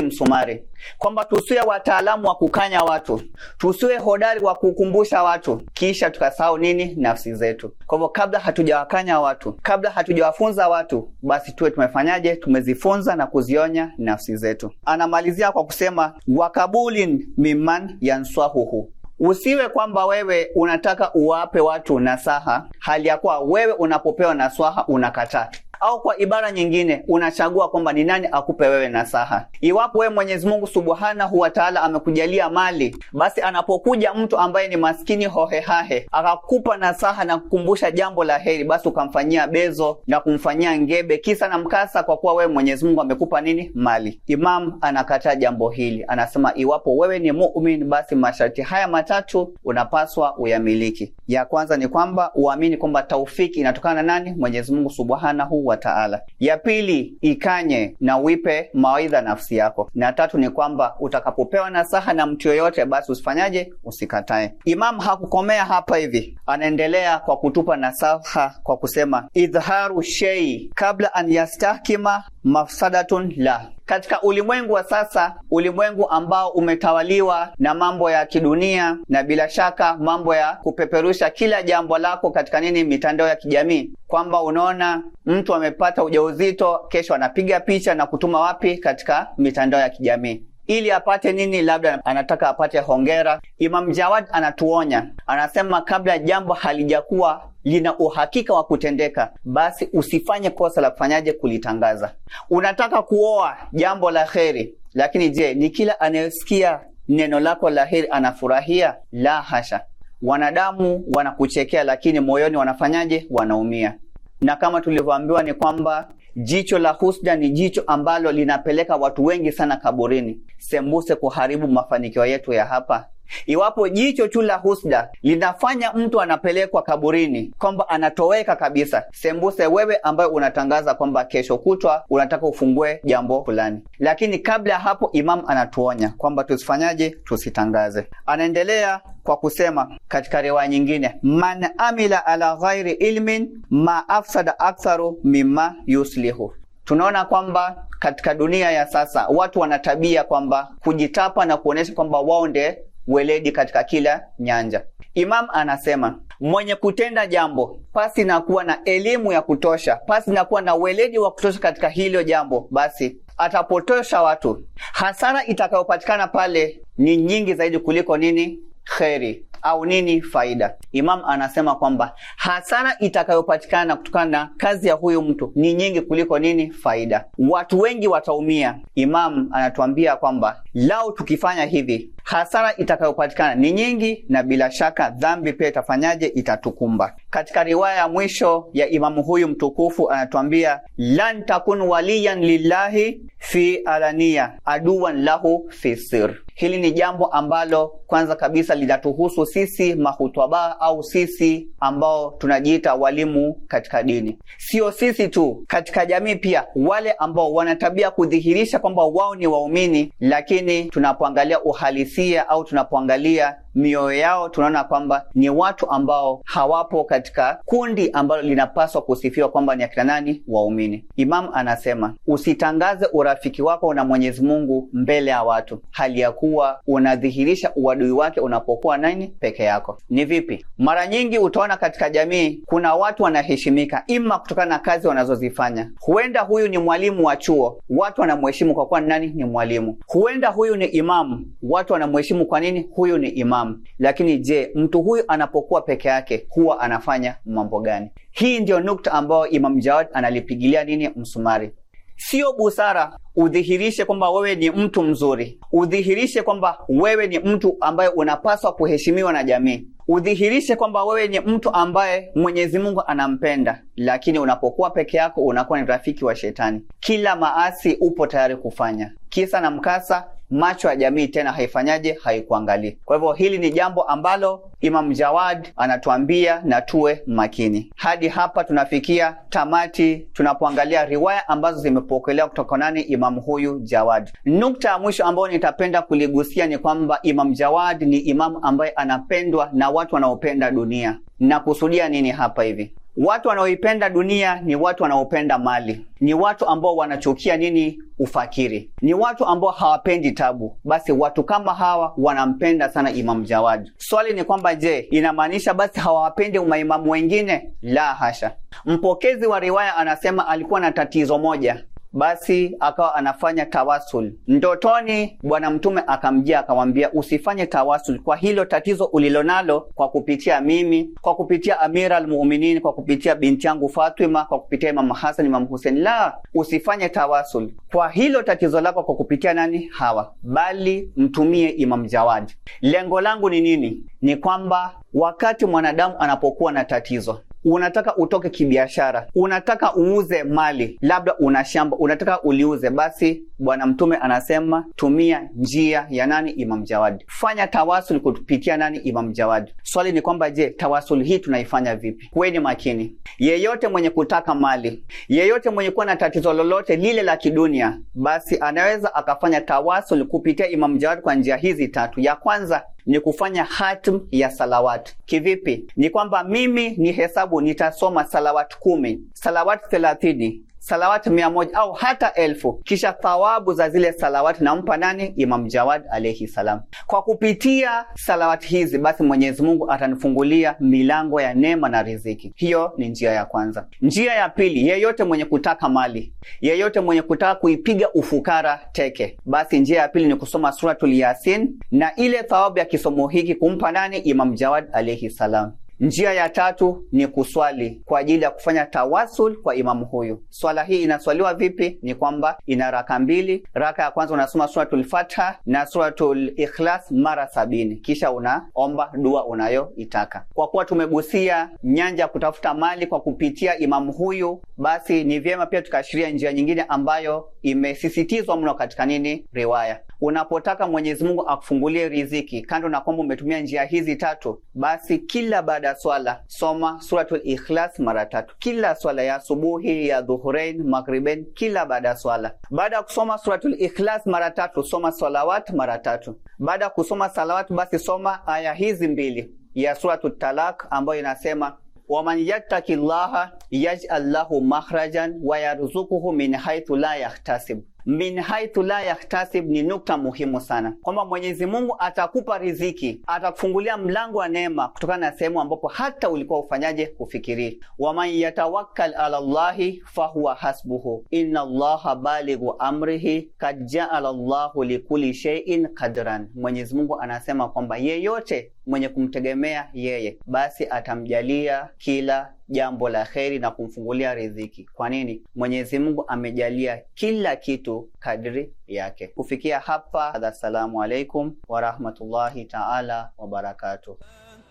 msumari kwamba tusiwe wataalamu wa kukanya watu, tusiwe hodari wa kukumbusha watu kisha tukasahau nini? Nafsi zetu. Kwa hivyo, kabla hatujawakanya watu, kabla hatujawafunza watu, basi tuwe tumefanyaje? Tumezifunza na kuzionya nafsi zetu. Anamalizia kwa kusema wakabulin miman yanswahuhu Usiwe kwamba wewe unataka uwape watu nasaha, hali ya kuwa wewe unapopewa nasaha unakataa au kwa ibara nyingine unachagua kwamba ni nani akupe wewe nasaha. Iwapo wewe Mwenyezi Mungu Subhanahu wa Ta'ala amekujalia mali, basi anapokuja mtu ambaye ni maskini hohehahe akakupa nasaha na kukumbusha jambo la heri, basi ukamfanyia bezo na kumfanyia ngebe, kisa na mkasa, kwa kuwa wewe Mwenyezi Mungu amekupa nini? Mali. Imam anakataa jambo hili, anasema iwapo wewe ni mu'min, basi masharti haya matatu unapaswa uyamiliki. Ya kwanza ni kwamba uamini kwamba taufiki inatokana na nani? Mwenyezi Mungu Subhanahu wa taala. Ya pili, ikanye na uipe mawaidha nafsi yako, na tatu ni kwamba utakapopewa nasaha na mtu yoyote, basi usifanyaje? Usikatae. Imam hakukomea hapa hivi, anaendelea kwa kutupa nasaha kwa kusema idharu shei kabla an yastahkima mafsadatun la katika ulimwengu wa sasa, ulimwengu ambao umetawaliwa na mambo ya kidunia na bila shaka mambo ya kupeperusha kila jambo lako katika nini, mitandao ya kijamii, kwamba unaona mtu amepata ujauzito, kesho anapiga picha na kutuma wapi? Katika mitandao ya kijamii ili apate nini? Labda anataka apate hongera. Imam Jawad anatuonya, anasema kabla jambo halijakuwa lina uhakika wa kutendeka, basi usifanye kosa la kufanyaje? Kulitangaza. Unataka kuoa jambo la heri, lakini je, ni kila anayesikia neno lako la heri anafurahia? La hasha. Wanadamu wanakuchekea, lakini moyoni wanafanyaje? Wanaumia. Na kama tulivyoambiwa ni kwamba Jicho la husda ni jicho ambalo linapeleka watu wengi sana kaburini. Sembuse kuharibu mafanikio yetu ya hapa Iwapo jicho tu la husda linafanya mtu anapelekwa kaburini, kwamba anatoweka kabisa, sembuse wewe ambayo unatangaza kwamba kesho kutwa unataka ufungue jambo fulani, lakini kabla ya hapo imamu anatuonya kwamba tusifanyaje, tusitangaze. Anaendelea kwa kusema katika riwaya nyingine, man amila ala ghairi ilmin ma afsada aktharu mimma yuslihu. Tunaona kwamba katika dunia ya sasa watu wanatabia kwamba kujitapa na kuonyesha kwamba wao nde weledi katika kila nyanja. Imam anasema mwenye kutenda jambo pasi na kuwa na elimu ya kutosha, pasi na kuwa na weledi wa kutosha katika hilo jambo, basi atapotosha watu. Hasara itakayopatikana pale ni nyingi zaidi kuliko nini kheri au nini faida. Imam anasema kwamba hasara itakayopatikana kutokana na kazi ya huyu mtu ni nyingi kuliko nini faida. Watu wengi wataumia. Imam anatuambia kwamba lau tukifanya hivi Hasara itakayopatikana ni nyingi, na bila shaka dhambi pia itafanyaje? Itatukumba. Katika riwaya ya mwisho ya imamu huyu mtukufu anatuambia, lan takun waliyan lillahi fi alania aduwan lahu fi sir. Hili ni jambo ambalo kwanza kabisa linatuhusu sisi mahutwaba au sisi ambao tunajiita walimu katika dini. Sio sisi tu, katika jamii pia wale ambao wanatabia kudhihirisha kwamba wao ni waumini, lakini tunapoangalia uhalisi tunapohadithia au tunapoangalia mioyo yao tunaona kwamba ni watu ambao hawapo katika kundi ambalo linapaswa kusifiwa kwamba ni akina nani? Waumini. Imamu anasema usitangaze urafiki wako na Mwenyezi Mungu mbele ya watu, hali ya kuwa unadhihirisha uadui wake unapokuwa nani peke yako. Ni vipi? Mara nyingi utaona katika jamii kuna watu wanaheshimika, ima kutokana na kazi wanazozifanya. Huenda huyu ni mwalimu wa chuo, watu wanamheshimu kwa kuwa nani? Ni mwalimu. Huenda huyu ni imamu, watu wanamheshimu kwa nini? Huyu ni imamu kumfahamu. Lakini je, mtu huyu anapokuwa peke yake huwa anafanya mambo gani? Hii ndiyo nukta ambayo Imam Jawad analipigilia nini msumari. Sio busara udhihirishe kwamba wewe ni mtu mzuri, udhihirishe kwamba wewe ni mtu ambaye unapaswa kuheshimiwa na jamii, udhihirishe kwamba wewe ni mtu ambaye Mwenyezi Mungu anampenda, lakini unapokuwa peke yako unakuwa ni rafiki wa shetani. Kila maasi upo tayari kufanya, kisa na mkasa macho ya jamii tena haifanyaje, haikuangalia. Kwa hivyo hili ni jambo ambalo Imam Jawad anatuambia na tuwe makini. Hadi hapa tunafikia tamati tunapoangalia riwaya ambazo zimepokelewa kutoka nani imamu huyu Jawad. Nukta ya mwisho ambayo nitapenda kuligusia ni kwamba Imam Jawad ni imamu ambaye anapendwa na watu wanaopenda dunia. Nakusudia nini hapa hivi? Watu wanaoipenda dunia ni watu wanaopenda mali, ni watu ambao wanachukia nini? Ufakiri. Ni watu ambao hawapendi tabu. Basi watu kama hawa wanampenda sana Imam Jawad. Swali ni kwamba je, inamaanisha basi hawawapendi maimamu wengine? La hasha. Mpokezi wa riwaya anasema alikuwa na tatizo moja, basi akawa anafanya tawasul. Ndotoni Bwana Mtume akamjia akamwambia, usifanye tawasul kwa hilo tatizo ulilonalo, kwa kupitia mimi, kwa kupitia Amira almuuminini kwa kupitia binti yangu Fatima, kwa kupitia Imamu Hasan, Imamu husen La, usifanye tawasul kwa hilo tatizo lako kwa kupitia nani? Hawa, bali mtumie Imamu Jawadi. Lengo langu ni nini? Ni kwamba wakati mwanadamu anapokuwa na tatizo unataka utoke kibiashara, unataka uuze mali, labda una shamba unataka uliuze, basi Bwana Mtume anasema tumia njia ya nani? Imam Jawadi. Fanya tawasul kupitia nani? Imam Jawadi. Swali ni kwamba je, tawasul hii tunaifanya vipi? Kuweni makini. Yeyote mwenye kutaka mali, yeyote mwenye kuwa na tatizo lolote lile la kidunia, basi anaweza akafanya tawasul kupitia Imam Jawadi kwa njia hizi tatu. Ya kwanza ni kufanya hatm ya salawati. Kivipi? Ni kwamba mimi ni hesabu, nitasoma salawati kumi, salawati thelathini salawati mia moja au hata elfu. Kisha thawabu za zile salawati nampa nani? Imam Jawad alaihi salam. Kwa kupitia salawati hizi, basi Mwenyezi Mungu atanifungulia milango ya neema na riziki. Hiyo ni njia ya kwanza. Njia ya pili, yeyote mwenye kutaka mali, yeyote mwenye kutaka kuipiga ufukara teke, basi njia ya pili ni kusoma Suratul Yasin na ile thawabu ya kisomo hiki kumpa nani? Imam Jawad alaihi salam. Njia ya tatu ni kuswali kwa ajili ya kufanya tawasul kwa imamu huyu. Swala hii inaswaliwa vipi? Ni kwamba ina raka mbili. Raka ya kwanza unasoma suratul fatha na suratul Ikhlas mara sabini, kisha unaomba dua unayoitaka. Kwa kuwa tumegusia nyanja ya kutafuta mali kwa kupitia imamu huyu, basi ni vyema pia tukaashiria njia nyingine ambayo imesisitizwa mno katika nini, riwaya. Unapotaka Mwenyezi Mungu akufungulie riziki, kando na kwamba umetumia njia hizi tatu, basi kila baada ya swala soma suratul ikhlas mara tatu kila swala ya subuhi ya dhuhurain maghribain kila baada ya swala baada ya kusoma suratul ikhlas mara tatu soma salawat mara tatu baada ya kusoma salawat basi soma aya hizi mbili ya suratul talak ambayo inasema waman yattaki llaha yaj'al lahu makhrajan wa yarzuquhu min haithu la yahtasib min haithu la yahtasib ni nukta muhimu sana, kwamba Mwenyezi Mungu atakupa riziki, atakufungulia mlango wa neema kutokana na sehemu ambapo hata ulikuwa ufanyaje hufikirii. Waman yatawakkal ala llahi fahuwa hasbuhu inna llaha balighu amrihi kad jaala llahu likuli sheiin qadran Mwenyezi Mungu anasema kwamba yeyote mwenye kumtegemea yeye, basi atamjalia kila jambo la heri na kumfungulia riziki. Kwa nini? Mwenyezi Mungu amejalia kila kitu kadri yake. Kufikia hapa, assalamu alaikum warahmatullahi taala wabarakatuh.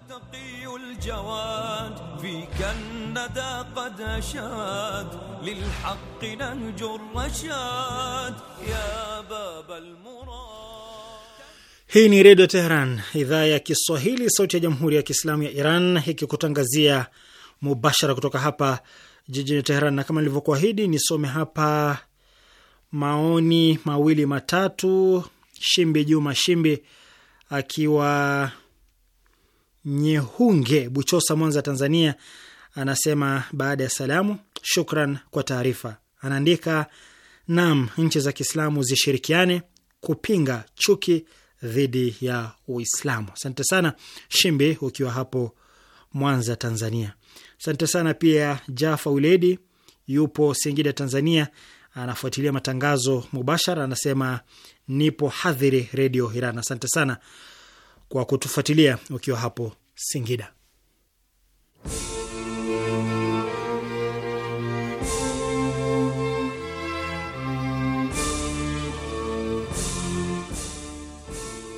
تقي الجواد فيك الندى قد أشاد للحق ننجو الرشاد يا باب المراد Hii ni Redio Teheran, idhaa ya Kiswahili, sauti ya Jamhuri ya Kiislamu ya Iran, ikikutangazia mubashara kutoka hapa jijini Teheran, na kama nilivyokuahidi nisome hapa maoni mawili matatu. Shimbi Juma Shimbi akiwa Nyehunge, Buchosa, Mwanza, Tanzania, anasema baada ya salamu, shukran kwa taarifa. Anaandika, nam, nchi za Kiislamu zishirikiane kupinga chuki dhidi ya Uislamu. Asante sana Shimbi, ukiwa hapo Mwanza, Tanzania. Asante sana pia Jafa Uledi yupo Singida, Tanzania, anafuatilia matangazo mubashara, anasema nipo hadhiri Redio Iran. Asante sana kwa kutufuatilia ukiwa hapo Singida.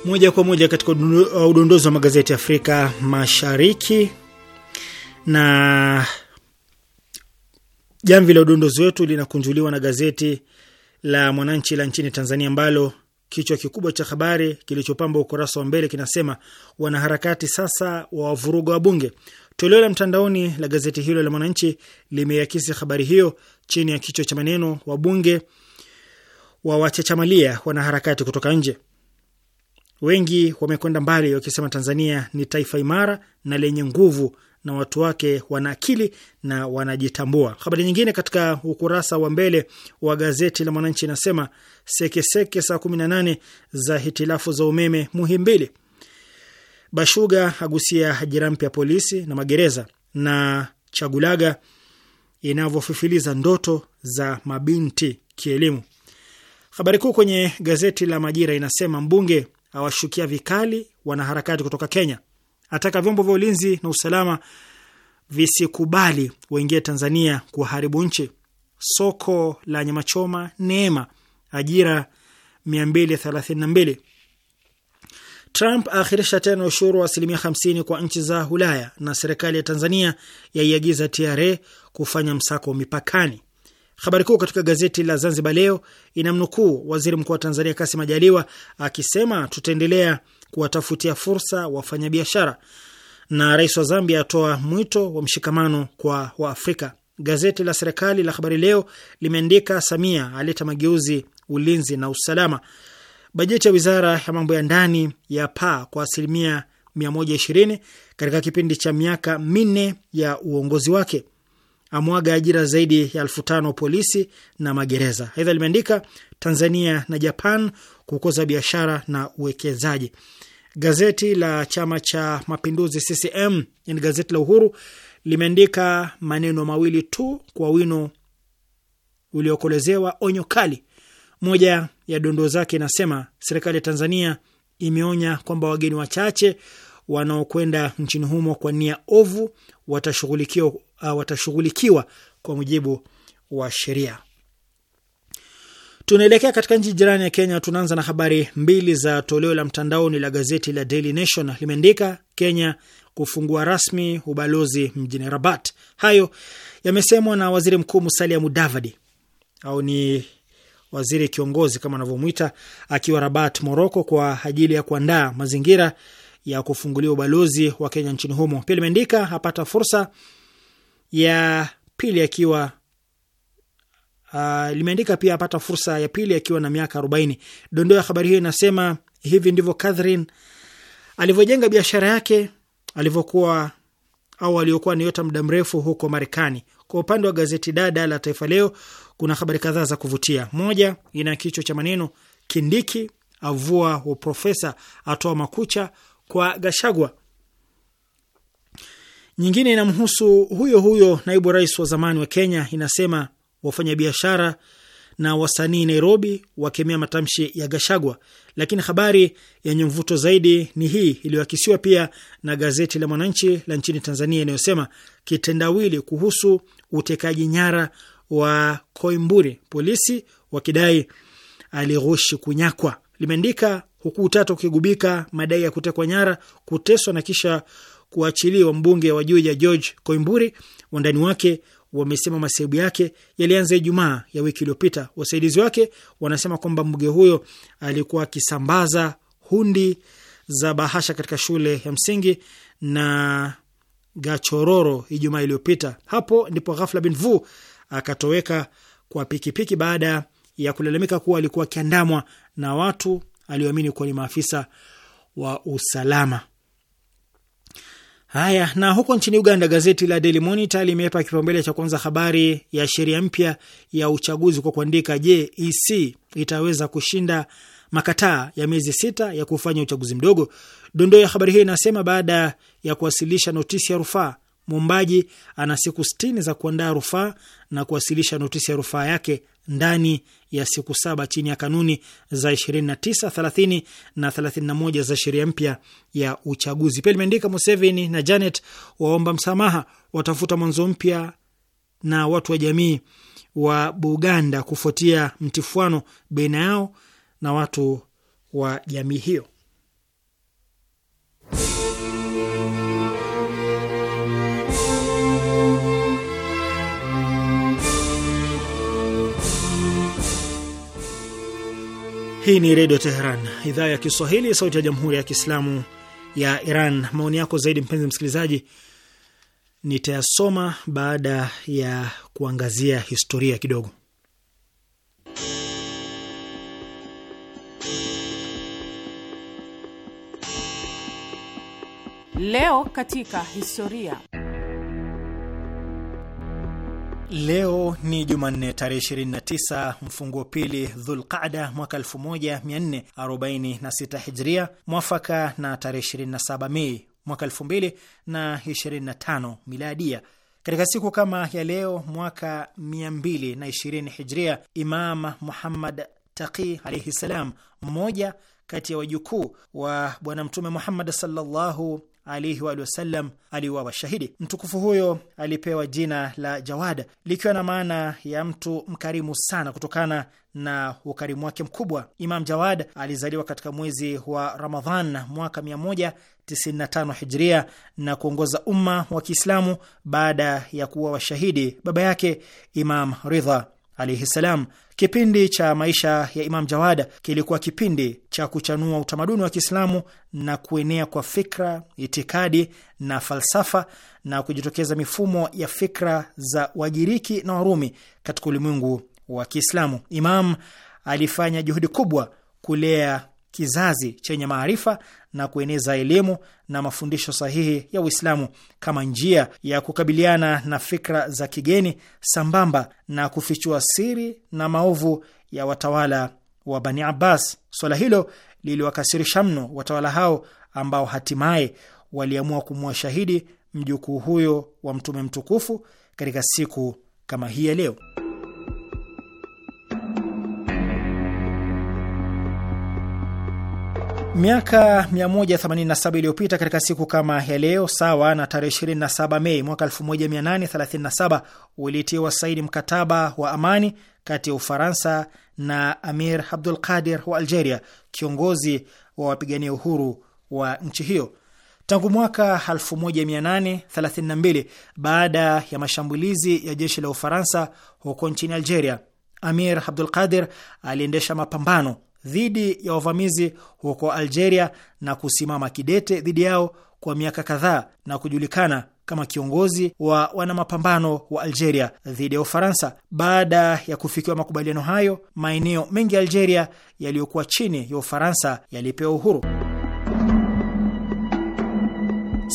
Moja kwa moja katika uh, udondozi wa magazeti ya Afrika Mashariki na jamvi la udondozi wetu linakunjuliwa na gazeti la Mwananchi la nchini Tanzania, ambalo kichwa kikubwa cha habari kilichopamba ukurasa wa mbele kinasema wanaharakati sasa wa wavuruga wa bunge. Toleo la mtandaoni la gazeti hilo la Mwananchi limeakisi habari hiyo chini ya kichwa cha maneno wabunge wa wachachamalia wanaharakati kutoka nje. Wengi wamekwenda mbali wakisema Tanzania ni taifa imara na lenye nguvu na watu wake wana akili na wanajitambua. Habari nyingine katika ukurasa wa mbele wa gazeti la Mwananchi inasema sekeseke saa nane za hitilafu za umeme Muhimbili, Bashuga agusia ajira mpya polisi na magereza, na Chagulaga inavyofifiliza ndoto za mabinti kielimu. Habari kuu kwenye gazeti la Majira inasema mbunge awashukia vikali wanaharakati kutoka Kenya. Ataka vyombo vya ulinzi na usalama visikubali waingie Tanzania kuharibu nchi. Soko la choma neema, ajira 232. Trump aakhirisha tena ushuru wa asilimia 50 kwa nchi za Ulaya, na serikali ya Tanzania yaiagiza TRA kufanya msako mipakani. Habari kuu katika gazeti la Zanzibar Leo inamnukuu waziri mkuu wa Tanzania Kasim Majaliwa akisema tutaendelea kuwatafutia fursa wafanyabiashara, na rais wa Zambia atoa mwito wa mshikamano kwa Waafrika. Gazeti la serikali la Habari Leo limeandika Samia aleta mageuzi ulinzi na usalama. Bajeti ya wizara ya mambo ya ndani ya paa kwa asilimia 120 katika kipindi cha miaka minne ya uongozi wake amwaga ajira zaidi ya elfu tano polisi na magereza. Aidha limeandika Tanzania na Japan kukuza biashara na uwekezaji. Gazeti la chama cha mapinduzi CCM, yani gazeti la Uhuru limeandika maneno mawili tu kwa wino uliokolezewa, onyo kali. Moja ya dondoo zake inasema serikali ya Tanzania imeonya kwamba wageni wachache wanaokwenda nchini humo kwa nia ovu watashughulikiwa uh, watashughulikiwa kwa mujibu wa sheria. Tunaelekea katika nchi jirani ya Kenya. Tunaanza na habari mbili za toleo la mtandaoni la gazeti la Daily Nation. Limeandika Kenya kufungua rasmi ubalozi mjini Rabat. Hayo yamesemwa na waziri mkuu Musalia Mudavadi au ni waziri kiongozi kama anavyomwita, akiwa Rabat, Moroko, kwa ajili ya kuandaa mazingira ya kufunguliwa ubalozi wa Kenya nchini humo. Pia limeandika apata fursa ya pili akiwa uh, limeandika pia apata fursa ya pili akiwa na miaka 40. Dondoo ya habari hiyo inasema hivi ndivyo Catherine alivyojenga biashara yake alivyokuwa au aliyokuwa niota muda mrefu huko Marekani. Kwa upande wa gazeti dada la Taifa Leo kuna habari kadhaa za kuvutia. Moja ina kichwa cha maneno Kindiki avua uprofesa, atoa makucha kwa Gashagwa. Nyingine inamhusu huyo huyo naibu rais wa zamani wa Kenya. Inasema wafanyabiashara na wasanii Nairobi wakemea matamshi ya Gashagwa, lakini habari yenye mvuto zaidi ni hii iliyoakisiwa pia na gazeti la Mwananchi la nchini Tanzania inayosema kitendawili kuhusu utekaji nyara wa Koimburi, polisi wakidai alighushi kunyakwa. Limeandika huku utata ukigubika madai ya kutekwa nyara, kuteswa na kisha kuachiliwa mbunge wa Juja George Koimburi, wandani wake wamesema masaibu yake yalianza Ijumaa ya wiki iliyopita. Wasaidizi wake wanasema kwamba mbunge huyo alikuwa akisambaza hundi za bahasha katika shule ya msingi na Gachororo Ijumaa iliyopita. Hapo ndipo ghafla bin vu akatoweka kwa pikipiki baada ya kulalamika kuwa alikuwa akiandamwa na watu alioamini kuwa ni maafisa wa usalama. Haya, na huko nchini Uganda, gazeti la Daily Monitor limeipa kipaumbele cha kwanza habari ya sheria mpya ya uchaguzi kwa kuandika, je, EC itaweza kushinda makataa ya miezi sita ya kufanya uchaguzi mdogo? Dondoo ya habari hiyo inasema baada ya kuwasilisha notisi ya rufaa, mwombaji ana siku sitini za kuandaa rufaa na kuwasilisha notisi ya rufaa yake ndani ya siku saba chini ya kanuni za 29, 30 na 31 za sheria mpya ya uchaguzi. Pia limeandika Museveni na Janet waomba msamaha, watafuta mwanzo mpya na watu wa jamii wa Buganda kufuatia mtifuano baina yao na watu wa jamii hiyo. Hii ni Redio Teheran, idhaa ya Kiswahili, sauti ya Jamhuri ya Kiislamu ya Iran. Maoni yako zaidi, mpenzi msikilizaji, nitayasoma baada ya kuangazia historia kidogo. Leo katika historia Leo ni Jumanne tarehe 29 mfunguo pili Dhulqada mwaka 1446 Hijria, mwafaka na tarehe 27 Mei mwaka 2025 Miladia. Katika siku kama ya leo mwaka 220 Hijria, Imam Muhammad Taqi alaihi ssalam, mmoja kati ya wajukuu wa Bwana Mtume Muhammad sallallahu alaihi wasallam aliuawa shahidi. Mtukufu huyo alipewa jina la Jawad likiwa na maana ya mtu mkarimu sana kutokana na ukarimu wake mkubwa. Imam Jawad alizaliwa katika mwezi wa Ramadhan mwaka 195 Hijria na kuongoza umma wa Kiislamu baada ya kuwa washahidi baba yake Imam Ridha alaihi Kipindi cha maisha ya Imam Jawada kilikuwa kipindi cha kuchanua utamaduni wa Kiislamu na kuenea kwa fikra, itikadi na falsafa na kujitokeza mifumo ya fikra za Wagiriki na Warumi katika ulimwengu wa Kiislamu. Imam alifanya juhudi kubwa kulea kizazi chenye maarifa na kueneza elimu na mafundisho sahihi ya Uislamu kama njia ya kukabiliana na fikra za kigeni sambamba na kufichua siri na maovu ya watawala wa Bani Abbas. Swala hilo liliwakasirisha mno watawala hao ambao hatimaye waliamua kumua shahidi mjukuu huyo wa Mtume mtukufu katika siku kama hii ya leo. Miaka 187 iliyopita katika siku kama ya leo, sawa na tarehe 27 Mei mwaka 1837, ulitiwa saini mkataba wa amani kati ya Ufaransa na Amir Abdul Qadir wa Algeria, kiongozi wa wapigania uhuru wa nchi hiyo. Tangu mwaka 1832, baada ya mashambulizi ya jeshi la Ufaransa huko nchini Algeria, Amir Abdul Qadir aliendesha mapambano dhidi ya wavamizi huko Algeria na kusimama kidete dhidi yao kwa miaka kadhaa na kujulikana kama kiongozi wa wanamapambano wa Algeria dhidi ya Ufaransa. Baada ya kufikiwa makubaliano hayo, maeneo mengi ya Algeria yaliyokuwa chini ya Ufaransa yalipewa uhuru.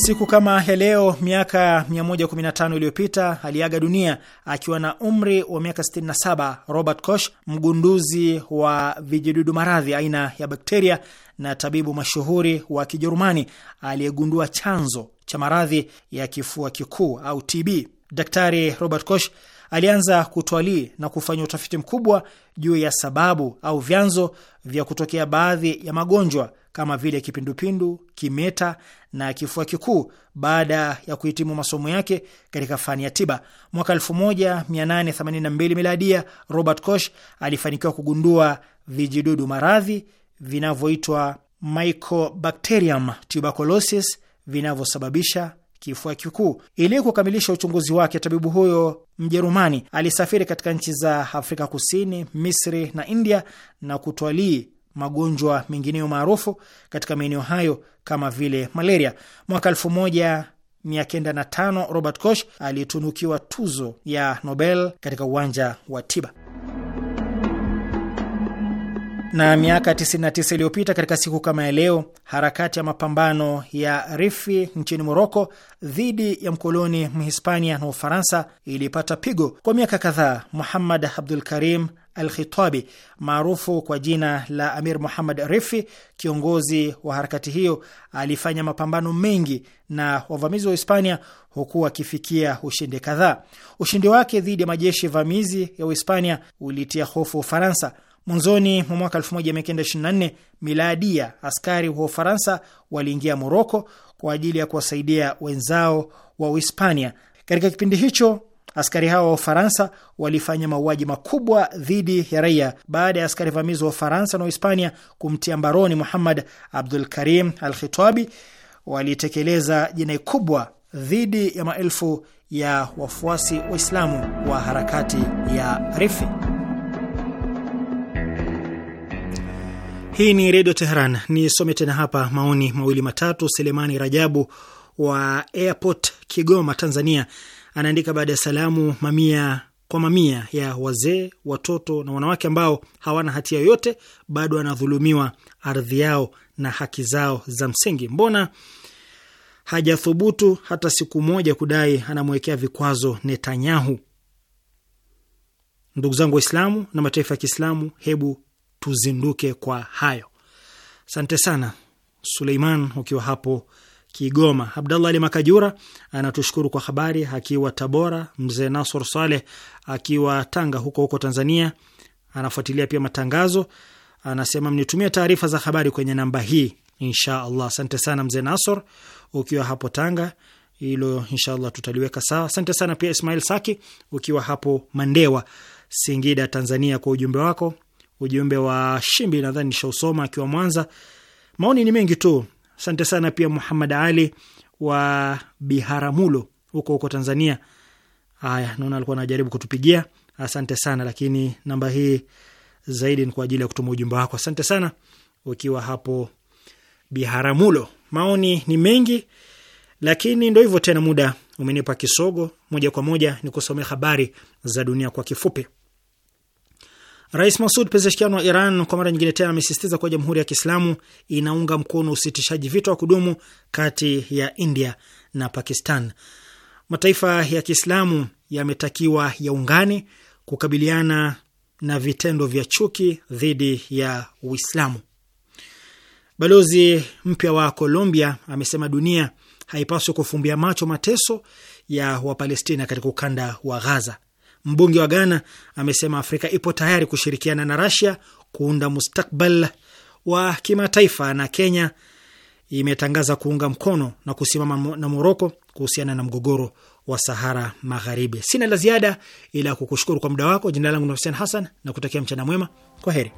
Siku kama ya leo miaka 115 iliyopita aliaga dunia akiwa na umri wa miaka 67 Robert Koch, mgunduzi wa vijidudu maradhi aina ya bakteria na tabibu mashuhuri wa Kijerumani aliyegundua chanzo cha maradhi ya kifua kikuu au TB. Daktari Robert Koch alianza kutwalii na kufanya utafiti mkubwa juu ya sababu au vyanzo vya kutokea baadhi ya magonjwa kama vile kipindupindu, kimeta na kifua kikuu baada ya kuhitimu masomo yake katika fani ya tiba. Mwaka 1882 miladia, Robert Koch alifanikiwa kugundua vijidudu maradhi vinavyoitwa Mycobacterium tuberculosis vinavyosababisha kifua kikuu. Ili kukamilisha uchunguzi wake, tabibu huyo Mjerumani alisafiri katika nchi za Afrika Kusini, Misri na India na kutwalii magonjwa mengineyo maarufu katika maeneo hayo kama vile malaria. Mwaka tano Robert Koch alitunukiwa tuzo ya Nobel katika uwanja wa tiba. Na miaka 99 iliyopita katika siku kama ya leo, harakati ya mapambano ya Rifi nchini Moroko dhidi ya mkoloni Mhispania na Ufaransa ilipata pigo. Kwa miaka kadhaa, Muhammad Abdul Karim Al-Khitabi maarufu kwa jina la Amir Muhammad Rifi, kiongozi wa harakati hiyo, alifanya mapambano mengi na wavamizi wa Hispania huku akifikia ushindi kadhaa. Ushindi wake dhidi ya majeshi vamizi ya Uhispania ulitia hofu Ufaransa. Mwanzoni mwa mwaka 1924 miladia, askari wa Ufaransa waliingia Moroko kwa ajili ya kuwasaidia wenzao wa Uhispania. Katika kipindi hicho askari hao wa Ufaransa walifanya mauaji makubwa dhidi ya raia baada ya askari vamizi wa Ufaransa na Uhispania kumtia mbaroni Muhammad Abdul Karim Al Khitabi. Walitekeleza jinai kubwa dhidi ya maelfu ya wafuasi Waislamu wa harakati ya Rifi. Hii ni Redio Teheran. Nisome tena hapa maoni mawili matatu. Selemani Rajabu wa Airport, Kigoma, Tanzania, anaandika baada ya salamu, mamia kwa mamia ya wazee, watoto na wanawake ambao hawana hatia yoyote bado wanadhulumiwa ardhi yao na haki zao za msingi. Mbona hajathubutu hata siku moja kudai anamwekea vikwazo Netanyahu? Ndugu zangu Waislamu na mataifa ya Kiislamu, hebu tuzinduke kwa hayo. Asante sana Suleiman, ukiwa hapo Kigoma. Abdallah Ali Makajura anatushukuru kwa habari akiwa Tabora. Mzee Nasor Saleh akiwa Tanga huko huko Tanzania anafuatilia pia matangazo, anasema mnitumia taarifa za habari kwenye namba hii insha Allah. Asante sana mzee Nasor ukiwa hapo Tanga, hilo insha Allah tutaliweka sawa. Asante sana pia Ismail Saki ukiwa hapo Mandewa, Singida, Tanzania, kwa ujumbe wako ujumbe wa Shimbi nadhani nishausoma akiwa Mwanza. Maoni ni mengi tu, asante sana. Pia Muhammad Ali wa Biharamulo huko huko Tanzania. Haya, naona alikuwa anajaribu kutupigia. Asante sana, lakini namba hii zaidi ni kwa ajili ya kutuma ujumbe wako. Asante sana ukiwa hapo Biharamulo. Maoni ni mengi, lakini ndo hivyo tena, muda umenipa kisogo. Moja kwa moja ni kusomea habari za dunia kwa kifupi. Rais Masud Pezeshkian wa Iran kwa mara nyingine tena amesisitiza kuwa Jamhuri ya Kiislamu inaunga mkono usitishaji vita wa kudumu kati ya India na Pakistan. Mataifa ya Kiislamu yametakiwa yaungane kukabiliana na vitendo vya chuki dhidi ya Uislamu. Balozi mpya wa Colombia amesema dunia haipaswi kufumbia macho mateso ya Wapalestina katika ukanda wa Ghaza. Mbunge wa Ghana amesema Afrika ipo tayari kushirikiana na Rasia kuunda mustakbal wa kimataifa, na Kenya imetangaza kuunga mkono na kusimama na Moroko kuhusiana na mgogoro wa Sahara Magharibi. Sina la ziada ila kukushukuru kwa muda wako. Jina langu ni Hussein Hassan na kutakia mchana mwema. Kwa heri.